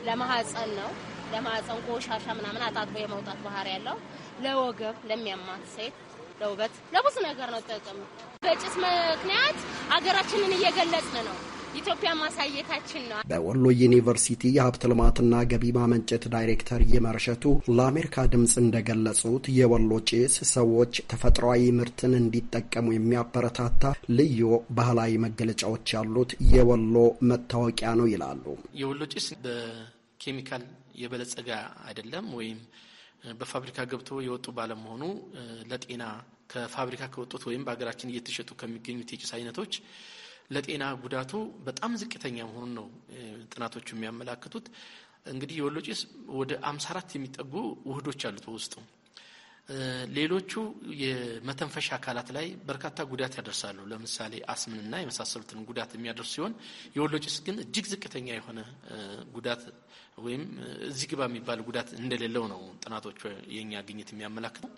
ለማህፀን ነው ለማህፀን ቆሻሻ ምናምን አጣጥቦ የመውጣት ባህሪ ያለው፣ ለወገብ ለሚያማት ሴት ለውበት፣ ለብዙ ነገር ነው ጠቅም። በጭስ ምክንያት አገራችንን እየገለጽን ነው። ኢትዮጵያ ማሳየታችን ነው። በወሎ ዩኒቨርሲቲ የሀብት ልማትና ገቢ ማመንጨት ዳይሬክተር እየመረሸቱ ለአሜሪካ ድምፅ እንደገለጹት የወሎ ጭስ ሰዎች ተፈጥሯዊ ምርትን እንዲጠቀሙ የሚያበረታታ ልዩ ባህላዊ መገለጫዎች ያሉት የወሎ መታወቂያ ነው ይላሉ። የወሎ ጭስ በኬሚካል የበለጸገ አይደለም ወይም በፋብሪካ ገብተው የወጡ ባለመሆኑ ለጤና ከፋብሪካ ከወጡት ወይም በሀገራችን እየተሸጡ ከሚገኙት የጭስ አይነቶች ለጤና ጉዳቱ በጣም ዝቅተኛ መሆኑን ነው ጥናቶቹ የሚያመላክቱት። እንግዲህ የወሎ ጭስ ወደ አምሳ አራት የሚጠጉ ውህዶች አሉት በውስጡ ሌሎቹ የመተንፈሻ አካላት ላይ በርካታ ጉዳት ያደርሳሉ። ለምሳሌ አስምንና የመሳሰሉትን ጉዳት የሚያደርስ ሲሆን የወሎ ጭስ ግን እጅግ ዝቅተኛ የሆነ ጉዳት ወይም እዚህ ግባ የሚባል ጉዳት እንደሌለው ነው ጥናቶቹ የኛ ግኝት የሚያመላክተው።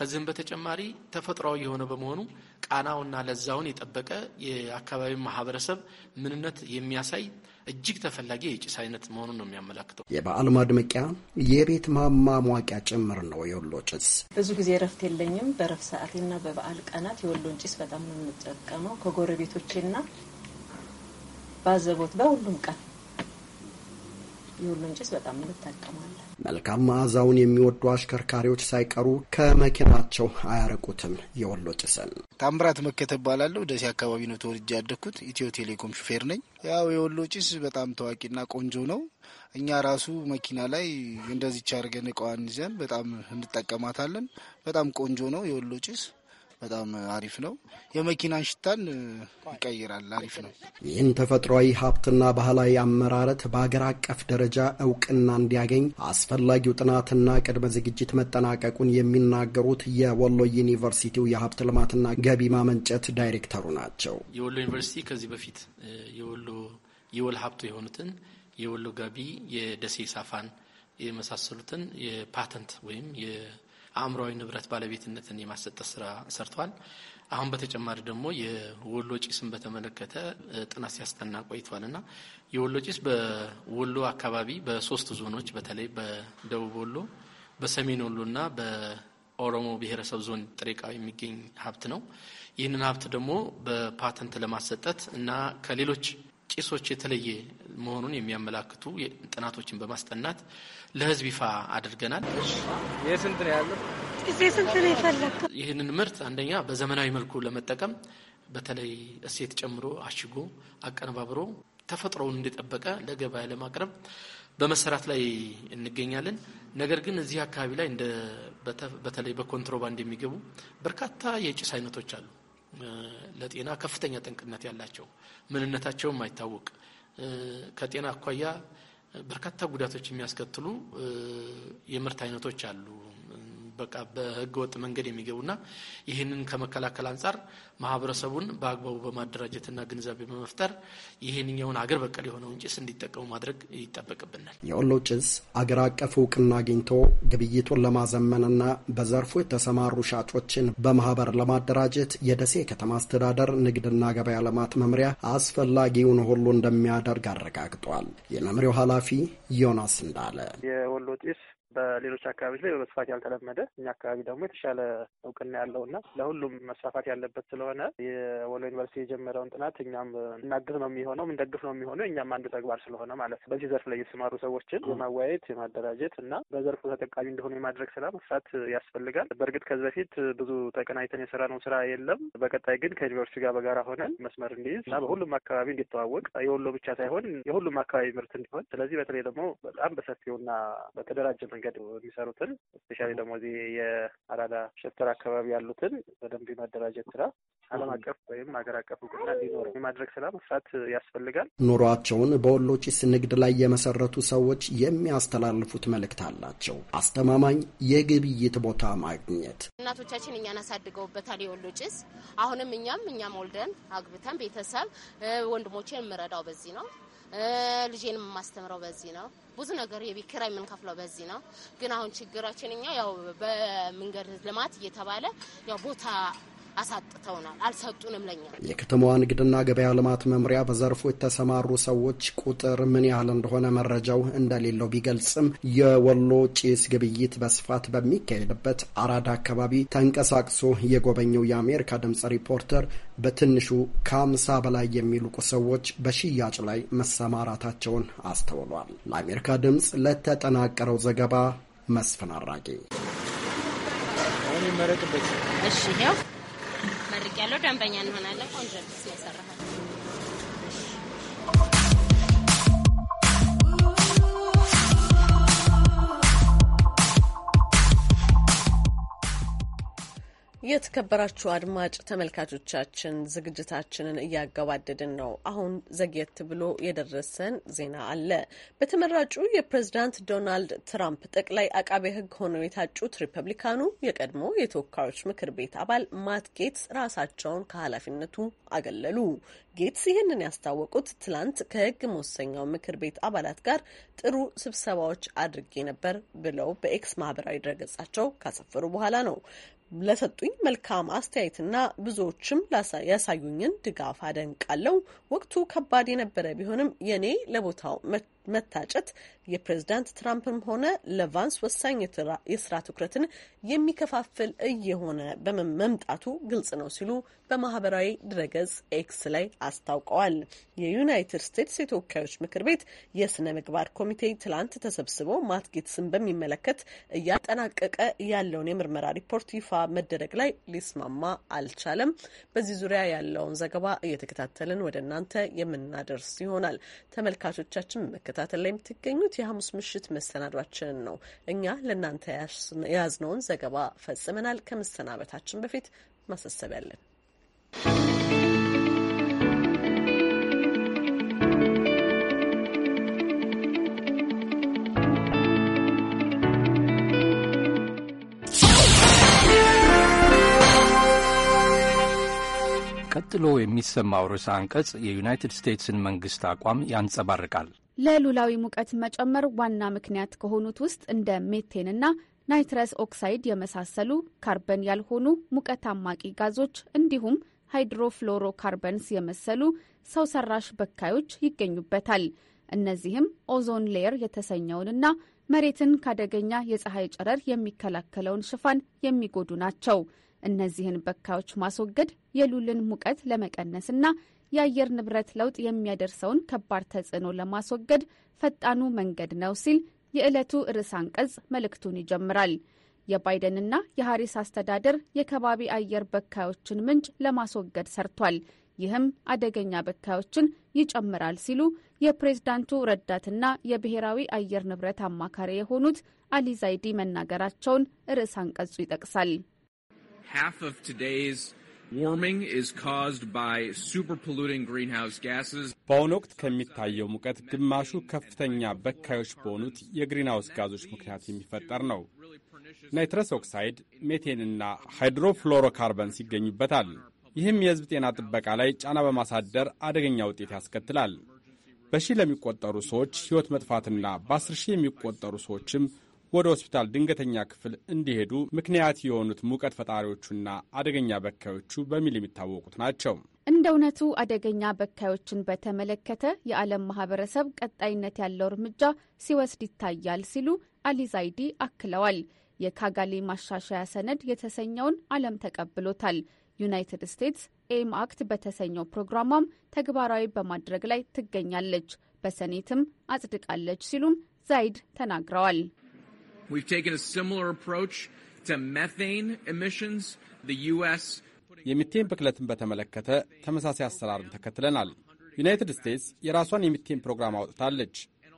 ከዚህም በተጨማሪ ተፈጥሯዊ የሆነ በመሆኑ ቃናውና ለዛውን የጠበቀ የአካባቢ ማህበረሰብ ምንነት የሚያሳይ እጅግ ተፈላጊ የጭስ አይነት መሆኑን ነው የሚያመላክተው። የበዓል ማድመቂያ የቤት ማማሟቂያ ጭምር ነው የወሎ ጭስ። ብዙ ጊዜ እረፍት የለኝም። በእረፍት ሰዓቴና በበዓል ቀናት የወሎን ጭስ በጣም ነው የምጠቀመው ከጎረቤቶቼና ባዘቦት በሁሉም ቀን የወሎን ጭስ በጣም እንጠቀማለን። መልካም መዓዛውን የሚወዱ አሽከርካሪዎች ሳይቀሩ ከመኪናቸው አያረቁትም። የወሎ ጭሰን ታምራት መከተ እባላለሁ። ደሴ አካባቢ ነው ተወልጄ ያደግኩት። ኢትዮ ቴሌኮም ሹፌር ነኝ። ያው የወሎ ጭስ በጣም ታዋቂና ቆንጆ ነው። እኛ ራሱ መኪና ላይ እንደዚች አድርገን እቃዋን ይዘን በጣም እንጠቀማታለን። በጣም ቆንጆ ነው የወሎ ጭስ በጣም አሪፍ ነው። የመኪናን ሽታን ይቀይራል። አሪፍ ነው። ይህን ተፈጥሯዊ ሀብትና ባህላዊ አመራረት በሀገር አቀፍ ደረጃ እውቅና እንዲያገኝ አስፈላጊው ጥናትና ቅድመ ዝግጅት መጠናቀቁን የሚናገሩት የወሎ ዩኒቨርሲቲው የሀብት ልማትና ገቢ ማመንጨት ዳይሬክተሩ ናቸው። የወሎ ዩኒቨርሲቲ ከዚህ በፊት የወሎ የወል ሀብቱ የሆኑትን የወሎ ገቢ የደሴ ሳፋን የመሳሰሉትን የፓተንት ወይም አእምሯዊ ንብረት ባለቤትነትን የማሰጠት ስራ ሰርቷል። አሁን በተጨማሪ ደግሞ የወሎ ጭስን በተመለከተ ጥናት ሲያስጠና ቆይቷል እና የወሎ ጭስ በወሎ አካባቢ በሶስት ዞኖች በተለይ በደቡብ ወሎ፣ በሰሜን ወሎ እና በኦሮሞ ብሔረሰብ ዞን ጥሬ ዕቃ የሚገኝ ሀብት ነው። ይህንን ሀብት ደግሞ በፓተንት ለማሰጠት እና ከሌሎች ጭሶች የተለየ መሆኑን የሚያመላክቱ ጥናቶችን በማስጠናት ለህዝብ ይፋ አድርገናል። ስንት ነው ያለው? ይህንን ምርት አንደኛ በዘመናዊ መልኩ ለመጠቀም በተለይ እሴት ጨምሮ አሽጎ አቀነባብሮ ተፈጥሮውን እንደጠበቀ ለገበያ ለማቅረብ በመሰራት ላይ እንገኛለን። ነገር ግን እዚህ አካባቢ ላይ በተለይ በኮንትሮባንድ የሚገቡ በርካታ የጭስ አይነቶች አሉ። ለጤና ከፍተኛ ጠንቅነት ያላቸው ምንነታቸውም አይታወቅ ከጤና አኳያ በርካታ ጉዳቶች የሚያስከትሉ የምርት አይነቶች አሉ። በቃ በህገወጥ መንገድ የሚገቡና ይህንን ከመከላከል አንጻር ማህበረሰቡን በአግባቡ በማደራጀትና ግንዛቤ በመፍጠር ይህንኛውን አገር በቀል የሆነውን ጭስ እንዲጠቀሙ ማድረግ ይጠበቅብናል። የወሎ ጭስ አገር አቀፍ እውቅና አግኝቶ ግብይቱን ለማዘመንና በዘርፉ የተሰማሩ ሻጮችን በማህበር ለማደራጀት የደሴ ከተማ አስተዳደር ንግድና ገበያ ልማት መምሪያ አስፈላጊውን ሁሉ እንደሚያደርግ አረጋግጧል። የመምሪያው ኃላፊ ዮናስ እንዳለ የወሎ ጭስ በሌሎች አካባቢዎች ላይ በመስፋት ያልተለመደ እኛ አካባቢ ደግሞ የተሻለ እውቅና ያለው እና ለሁሉም መስፋፋት ያለበት ስለሆነ የወሎ ዩኒቨርሲቲ የጀመረውን ጥናት እኛም እናግዝ ነው የሚሆነው እንደግፍ ነው የሚሆነው እኛም አንዱ ተግባር ስለሆነ ማለት ነው። በዚህ ዘርፍ ላይ የተሰማሩ ሰዎችን የማወያየት የማደራጀት እና በዘርፉ ተጠቃሚ እንደሆኑ የማድረግ ስራ መስራት ያስፈልጋል። በእርግጥ ከዚህ በፊት ብዙ ተቀናይተን የሰራነው ነው ስራ የለም። በቀጣይ ግን ከዩኒቨርሲቲ ጋር በጋራ ሆነን መስመር እንዲይዝ እና በሁሉም አካባቢ እንዲተዋወቅ የወሎ ብቻ ሳይሆን የሁሉም አካባቢ ምርት እንዲሆን ስለዚህ በተለይ ደግሞ በጣም በሰፊውና በተደራጀ መንገድ መንገድ የሚሰሩትን ስፔሻሊ ደግሞ እዚህ የአራዳ ሸፍተር አካባቢ ያሉትን በደንብ የማደራጀት ስራ ዓለም አቀፍ ወይም ሀገር አቀፍ እውቅና እንዲኖረው የማድረግ ስራ መስራት ያስፈልጋል። ኑሯቸውን በወሎ ጭስ ንግድ ላይ የመሰረቱ ሰዎች የሚያስተላልፉት መልእክት አላቸው። አስተማማኝ የግብይት ቦታ ማግኘት እናቶቻችን እኛን አሳድገውበታል። የወሎ ጭስ አሁንም እኛም እኛም ወልደን አግብተን ቤተሰብ ወንድሞቼ የምረዳው በዚህ ነው። ልጄንም የማስተምረው በዚህ ነው። ብዙ ነገር የቤት ኪራይ የምንከፍለው በዚህ ነው። ግን አሁን ችግራችን እኛ ያው በመንገድ ልማት እየተባለ ያው ቦታ አሳጥተውናል፣ አልሰጡንም ለኛ። የከተማዋ ንግድና ገበያ ልማት መምሪያ በዘርፉ የተሰማሩ ሰዎች ቁጥር ምን ያህል እንደሆነ መረጃው እንደሌለው ቢገልጽም የወሎ ጭስ ግብይት በስፋት በሚካሄድበት አራዳ አካባቢ ተንቀሳቅሶ የጎበኘው የአሜሪካ ድምጽ ሪፖርተር በትንሹ ከአምሳ በላይ የሚልቁ ሰዎች በሽያጭ ላይ መሰማራታቸውን አስተውሏል። ለአሜሪካ ድምፅ ለተጠናቀረው ዘገባ መስፍን አራጌ ተመርቅ ያለው ደንበኛ እንሆናለን። ቆንጆ ልብስ ነው የተከበራችሁ አድማጭ ተመልካቾቻችን ዝግጅታችንን እያገባደድን ነው። አሁን ዘግየት ብሎ የደረሰን ዜና አለ። በተመራጩ የፕሬዝዳንት ዶናልድ ትራምፕ ጠቅላይ አቃቤ ሕግ ሆነው የታጩት ሪፐብሊካኑ የቀድሞ የተወካዮች ምክር ቤት አባል ማት ጌትስ ራሳቸውን ከኃላፊነቱ አገለሉ። ጌትስ ይህንን ያስታወቁት ትላንት ከሕግ መወሰኛው ምክር ቤት አባላት ጋር ጥሩ ስብሰባዎች አድርጌ ነበር ብለው በኤክስ ማህበራዊ ድረገጻቸው ካሰፈሩ በኋላ ነው። ለሰጡኝ መልካም አስተያየትና ብዙዎችም ያሳዩኝን ድጋፍ አደንቃለሁ። ወቅቱ ከባድ የነበረ ቢሆንም የኔ ለቦታው መታጨት የፕሬዝዳንት ትራምፕም ሆነ ለቫንስ ወሳኝ የስራ ትኩረትን የሚከፋፍል እየሆነ በመምጣቱ ግልጽ ነው ሲሉ በማህበራዊ ድረገጽ ኤክስ ላይ አስታውቀዋል። የዩናይትድ ስቴትስ የተወካዮች ምክር ቤት የስነ ምግባር ኮሚቴ ትላንት ተሰብስቦ ማትጌትስን በሚመለከት እያጠናቀቀ ያለውን የምርመራ ሪፖርት ይፋ መደረግ ላይ ሊስማማ አልቻለም። በዚህ ዙሪያ ያለውን ዘገባ እየተከታተልን ወደ እናንተ የምናደርስ ይሆናል። ተመልካቾቻችን መከታተል በመከታተል ላይ የምትገኙት የሐሙስ ምሽት መሰናዷችንን ነው። እኛ ለእናንተ የያዝነውን ዘገባ ፈጽመናል። ከመሰናበታችን በፊት ማሳሰቢያ ቀጥሎ የሚሰማው ርዕሰ አንቀጽ የዩናይትድ ስቴትስን መንግሥት አቋም ያንጸባርቃል። ለሉላዊ ሙቀት መጨመር ዋና ምክንያት ከሆኑት ውስጥ እንደ ሜቴንና ናይትረስ ኦክሳይድ የመሳሰሉ ካርበን ያልሆኑ ሙቀት አማቂ ጋዞች እንዲሁም ካርበንስ የመሰሉ ሰው ሰራሽ በካዮች ይገኙበታል። እነዚህም ኦዞን ሌየር የተሰኘውንና መሬትን ካደገኛ የፀሐይ ጨረር የሚከላከለውን ሽፋን የሚጎዱ ናቸው። እነዚህን በካዮች ማስወገድ የሉልን ሙቀት ለመቀነስና የአየር ንብረት ለውጥ የሚያደርሰውን ከባድ ተጽዕኖ ለማስወገድ ፈጣኑ መንገድ ነው ሲል የዕለቱ ርዕስ አንቀጽ መልእክቱን ይጀምራል። የባይደንና የሐሪስ አስተዳደር የከባቢ አየር በካዮችን ምንጭ ለማስወገድ ሰርቷል። ይህም አደገኛ በካዮችን ይጨምራል ሲሉ የፕሬዝዳንቱ ረዳትና የብሔራዊ አየር ንብረት አማካሪ የሆኑት አሊ ዛይዲ መናገራቸውን ርዕስ አንቀጹ ይጠቅሳል። በአሁኑ ወቅት ከሚታየው ሙቀት ግማሹ ከፍተኛ በካዮች በሆኑት የግሪንሃውስ ጋዞች ምክንያት የሚፈጠር ነው። ናይትረስ ኦክሳይድ፣ ሜቴንና ሃይድሮፍሎሮካርበን ይገኙበታል። ይህም የሕዝብ ጤና ጥበቃ ላይ ጫና በማሳደር አደገኛ ውጤት ያስከትላል። በሺህ ለሚቆጠሩ ሰዎች ሕይወት መጥፋትና በአስር ሺህ የሚቆጠሩ ሰዎችም ወደ ሆስፒታል ድንገተኛ ክፍል እንዲሄዱ ምክንያት የሆኑት ሙቀት ፈጣሪዎቹና አደገኛ በካዮቹ በሚል የሚታወቁት ናቸው። እንደ እውነቱ አደገኛ በካዮችን በተመለከተ የዓለም ማህበረሰብ ቀጣይነት ያለው እርምጃ ሲወስድ ይታያል ሲሉ አሊ ዛይዲ አክለዋል። የካጋሌ ማሻሻያ ሰነድ የተሰኘውን ዓለም ተቀብሎታል። ዩናይትድ ስቴትስ ኤም አክት በተሰኘው ፕሮግራሟም ተግባራዊ በማድረግ ላይ ትገኛለች። በሰኔትም አጽድቃለች ሲሉም ዛይድ ተናግረዋል። We've taken a similar approach to methane emissions. The US የሚቴን ብክለትን በተመለከተ ተመሳሳይ አሰራርን ተከትለናል። ዩናይትድ ስቴትስ የራሷን የሚቴን ፕሮግራም አውጥታለች።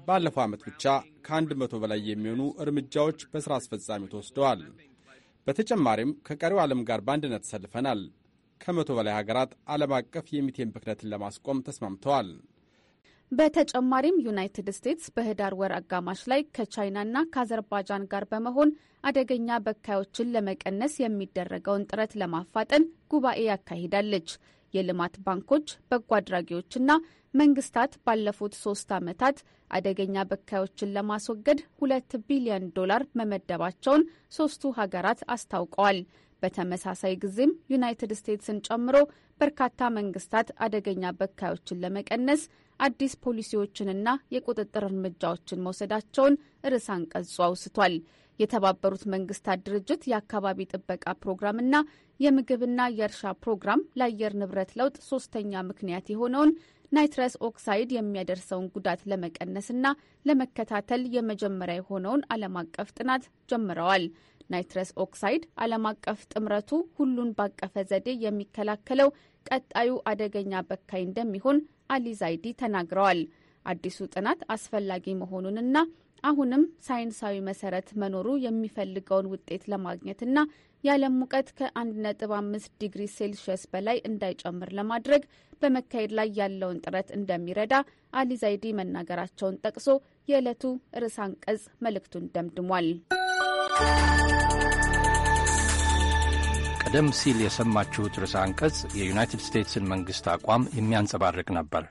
ባለፈው ዓመት ብቻ ከአንድ መቶ በላይ የሚሆኑ እርምጃዎች በሥራ አስፈጻሚ ተወስደዋል። በተጨማሪም ከቀሪው ዓለም ጋር በአንድነት ተሰልፈናል። ከመቶ በላይ ሀገራት ዓለም አቀፍ የሚቴን ብክለትን ለማስቆም ተስማምተዋል። በተጨማሪም ዩናይትድ ስቴትስ በህዳር ወር አጋማሽ ላይ ከቻይናና ከአዘርባጃን ጋር በመሆን አደገኛ በካዮችን ለመቀነስ የሚደረገውን ጥረት ለማፋጠን ጉባኤ ያካሂዳለች። የልማት ባንኮች፣ በጎ አድራጊዎችና መንግስታት ባለፉት ሶስት ዓመታት አደገኛ በካዮችን ለማስወገድ ሁለት ቢሊዮን ዶላር መመደባቸውን ሶስቱ ሀገራት አስታውቀዋል። በተመሳሳይ ጊዜም ዩናይትድ ስቴትስን ጨምሮ በርካታ መንግስታት አደገኛ በካዮችን ለመቀነስ አዲስ ፖሊሲዎችንና የቁጥጥር እርምጃዎችን መውሰዳቸውን ርዕስ አንቀጹ አውስቷል። የተባበሩት መንግስታት ድርጅት የአካባቢ ጥበቃ ፕሮግራምና የምግብና የእርሻ ፕሮግራም ለአየር ንብረት ለውጥ ሶስተኛ ምክንያት የሆነውን ናይትረስ ኦክሳይድ የሚያደርሰውን ጉዳት ለመቀነስና ለመከታተል የመጀመሪያ የሆነውን ዓለም አቀፍ ጥናት ጀምረዋል። ናይትረስ ኦክሳይድ ዓለም አቀፍ ጥምረቱ ሁሉን ባቀፈ ዘዴ የሚከላከለው ቀጣዩ አደገኛ በካይ እንደሚሆን አሊ ዛይዲ ተናግረዋል። አዲሱ ጥናት አስፈላጊ መሆኑንና አሁንም ሳይንሳዊ መሰረት መኖሩ የሚፈልገውን ውጤት ለማግኘትና የዓለም ሙቀት ከ1.5 ዲግሪ ሴልሺየስ በላይ እንዳይጨምር ለማድረግ በመካሄድ ላይ ያለውን ጥረት እንደሚረዳ አሊ ዛይዲ መናገራቸውን ጠቅሶ የዕለቱ ርዕሰ አንቀጽ መልእክቱን ደምድሟል። ቀደም ሲል የሰማችሁት ርዕሰ አንቀጽ የዩናይትድ ስቴትስን መንግስት አቋም የሚያንጸባርቅ ነበር።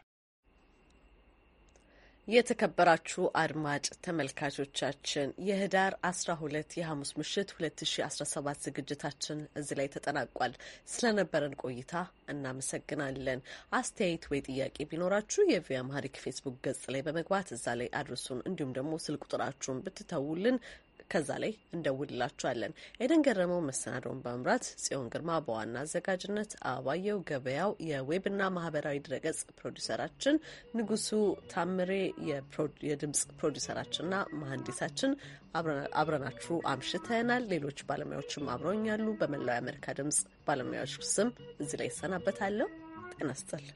የተከበራችሁ አድማጭ ተመልካቾቻችን የህዳር 12 የሐሙስ ምሽት 2017 ዝግጅታችን እዚህ ላይ ተጠናቋል። ስለነበረን ቆይታ እናመሰግናለን። አስተያየት ወይ ጥያቄ ቢኖራችሁ የቪኦኤ አማርኛ ፌስቡክ ገጽ ላይ በመግባት እዛ ላይ አድርሱን። እንዲሁም ደግሞ ስልክ ቁጥራችሁን ብትተውልን ከዛ ላይ እንደውልላችኋለን። ኤደን ገረመው መሰናዶውን በመምራት ጽዮን ግርማ በዋና አዘጋጅነት አባየው ገበያው የዌብና ማህበራዊ ድረገጽ ፕሮዲሰራችን ንጉሱ ታምሬ የድምጽ ፕሮዲሰራችንና መሀንዲሳችን አብረናችሁ አምሽተናል። ሌሎች ባለሙያዎችም አብረውኛሉ። በመላው የአሜሪካ ድምጽ ባለሙያዎች ስም እዚህ ላይ ይሰናበታለሁ። ጤና ይስጥልኝ።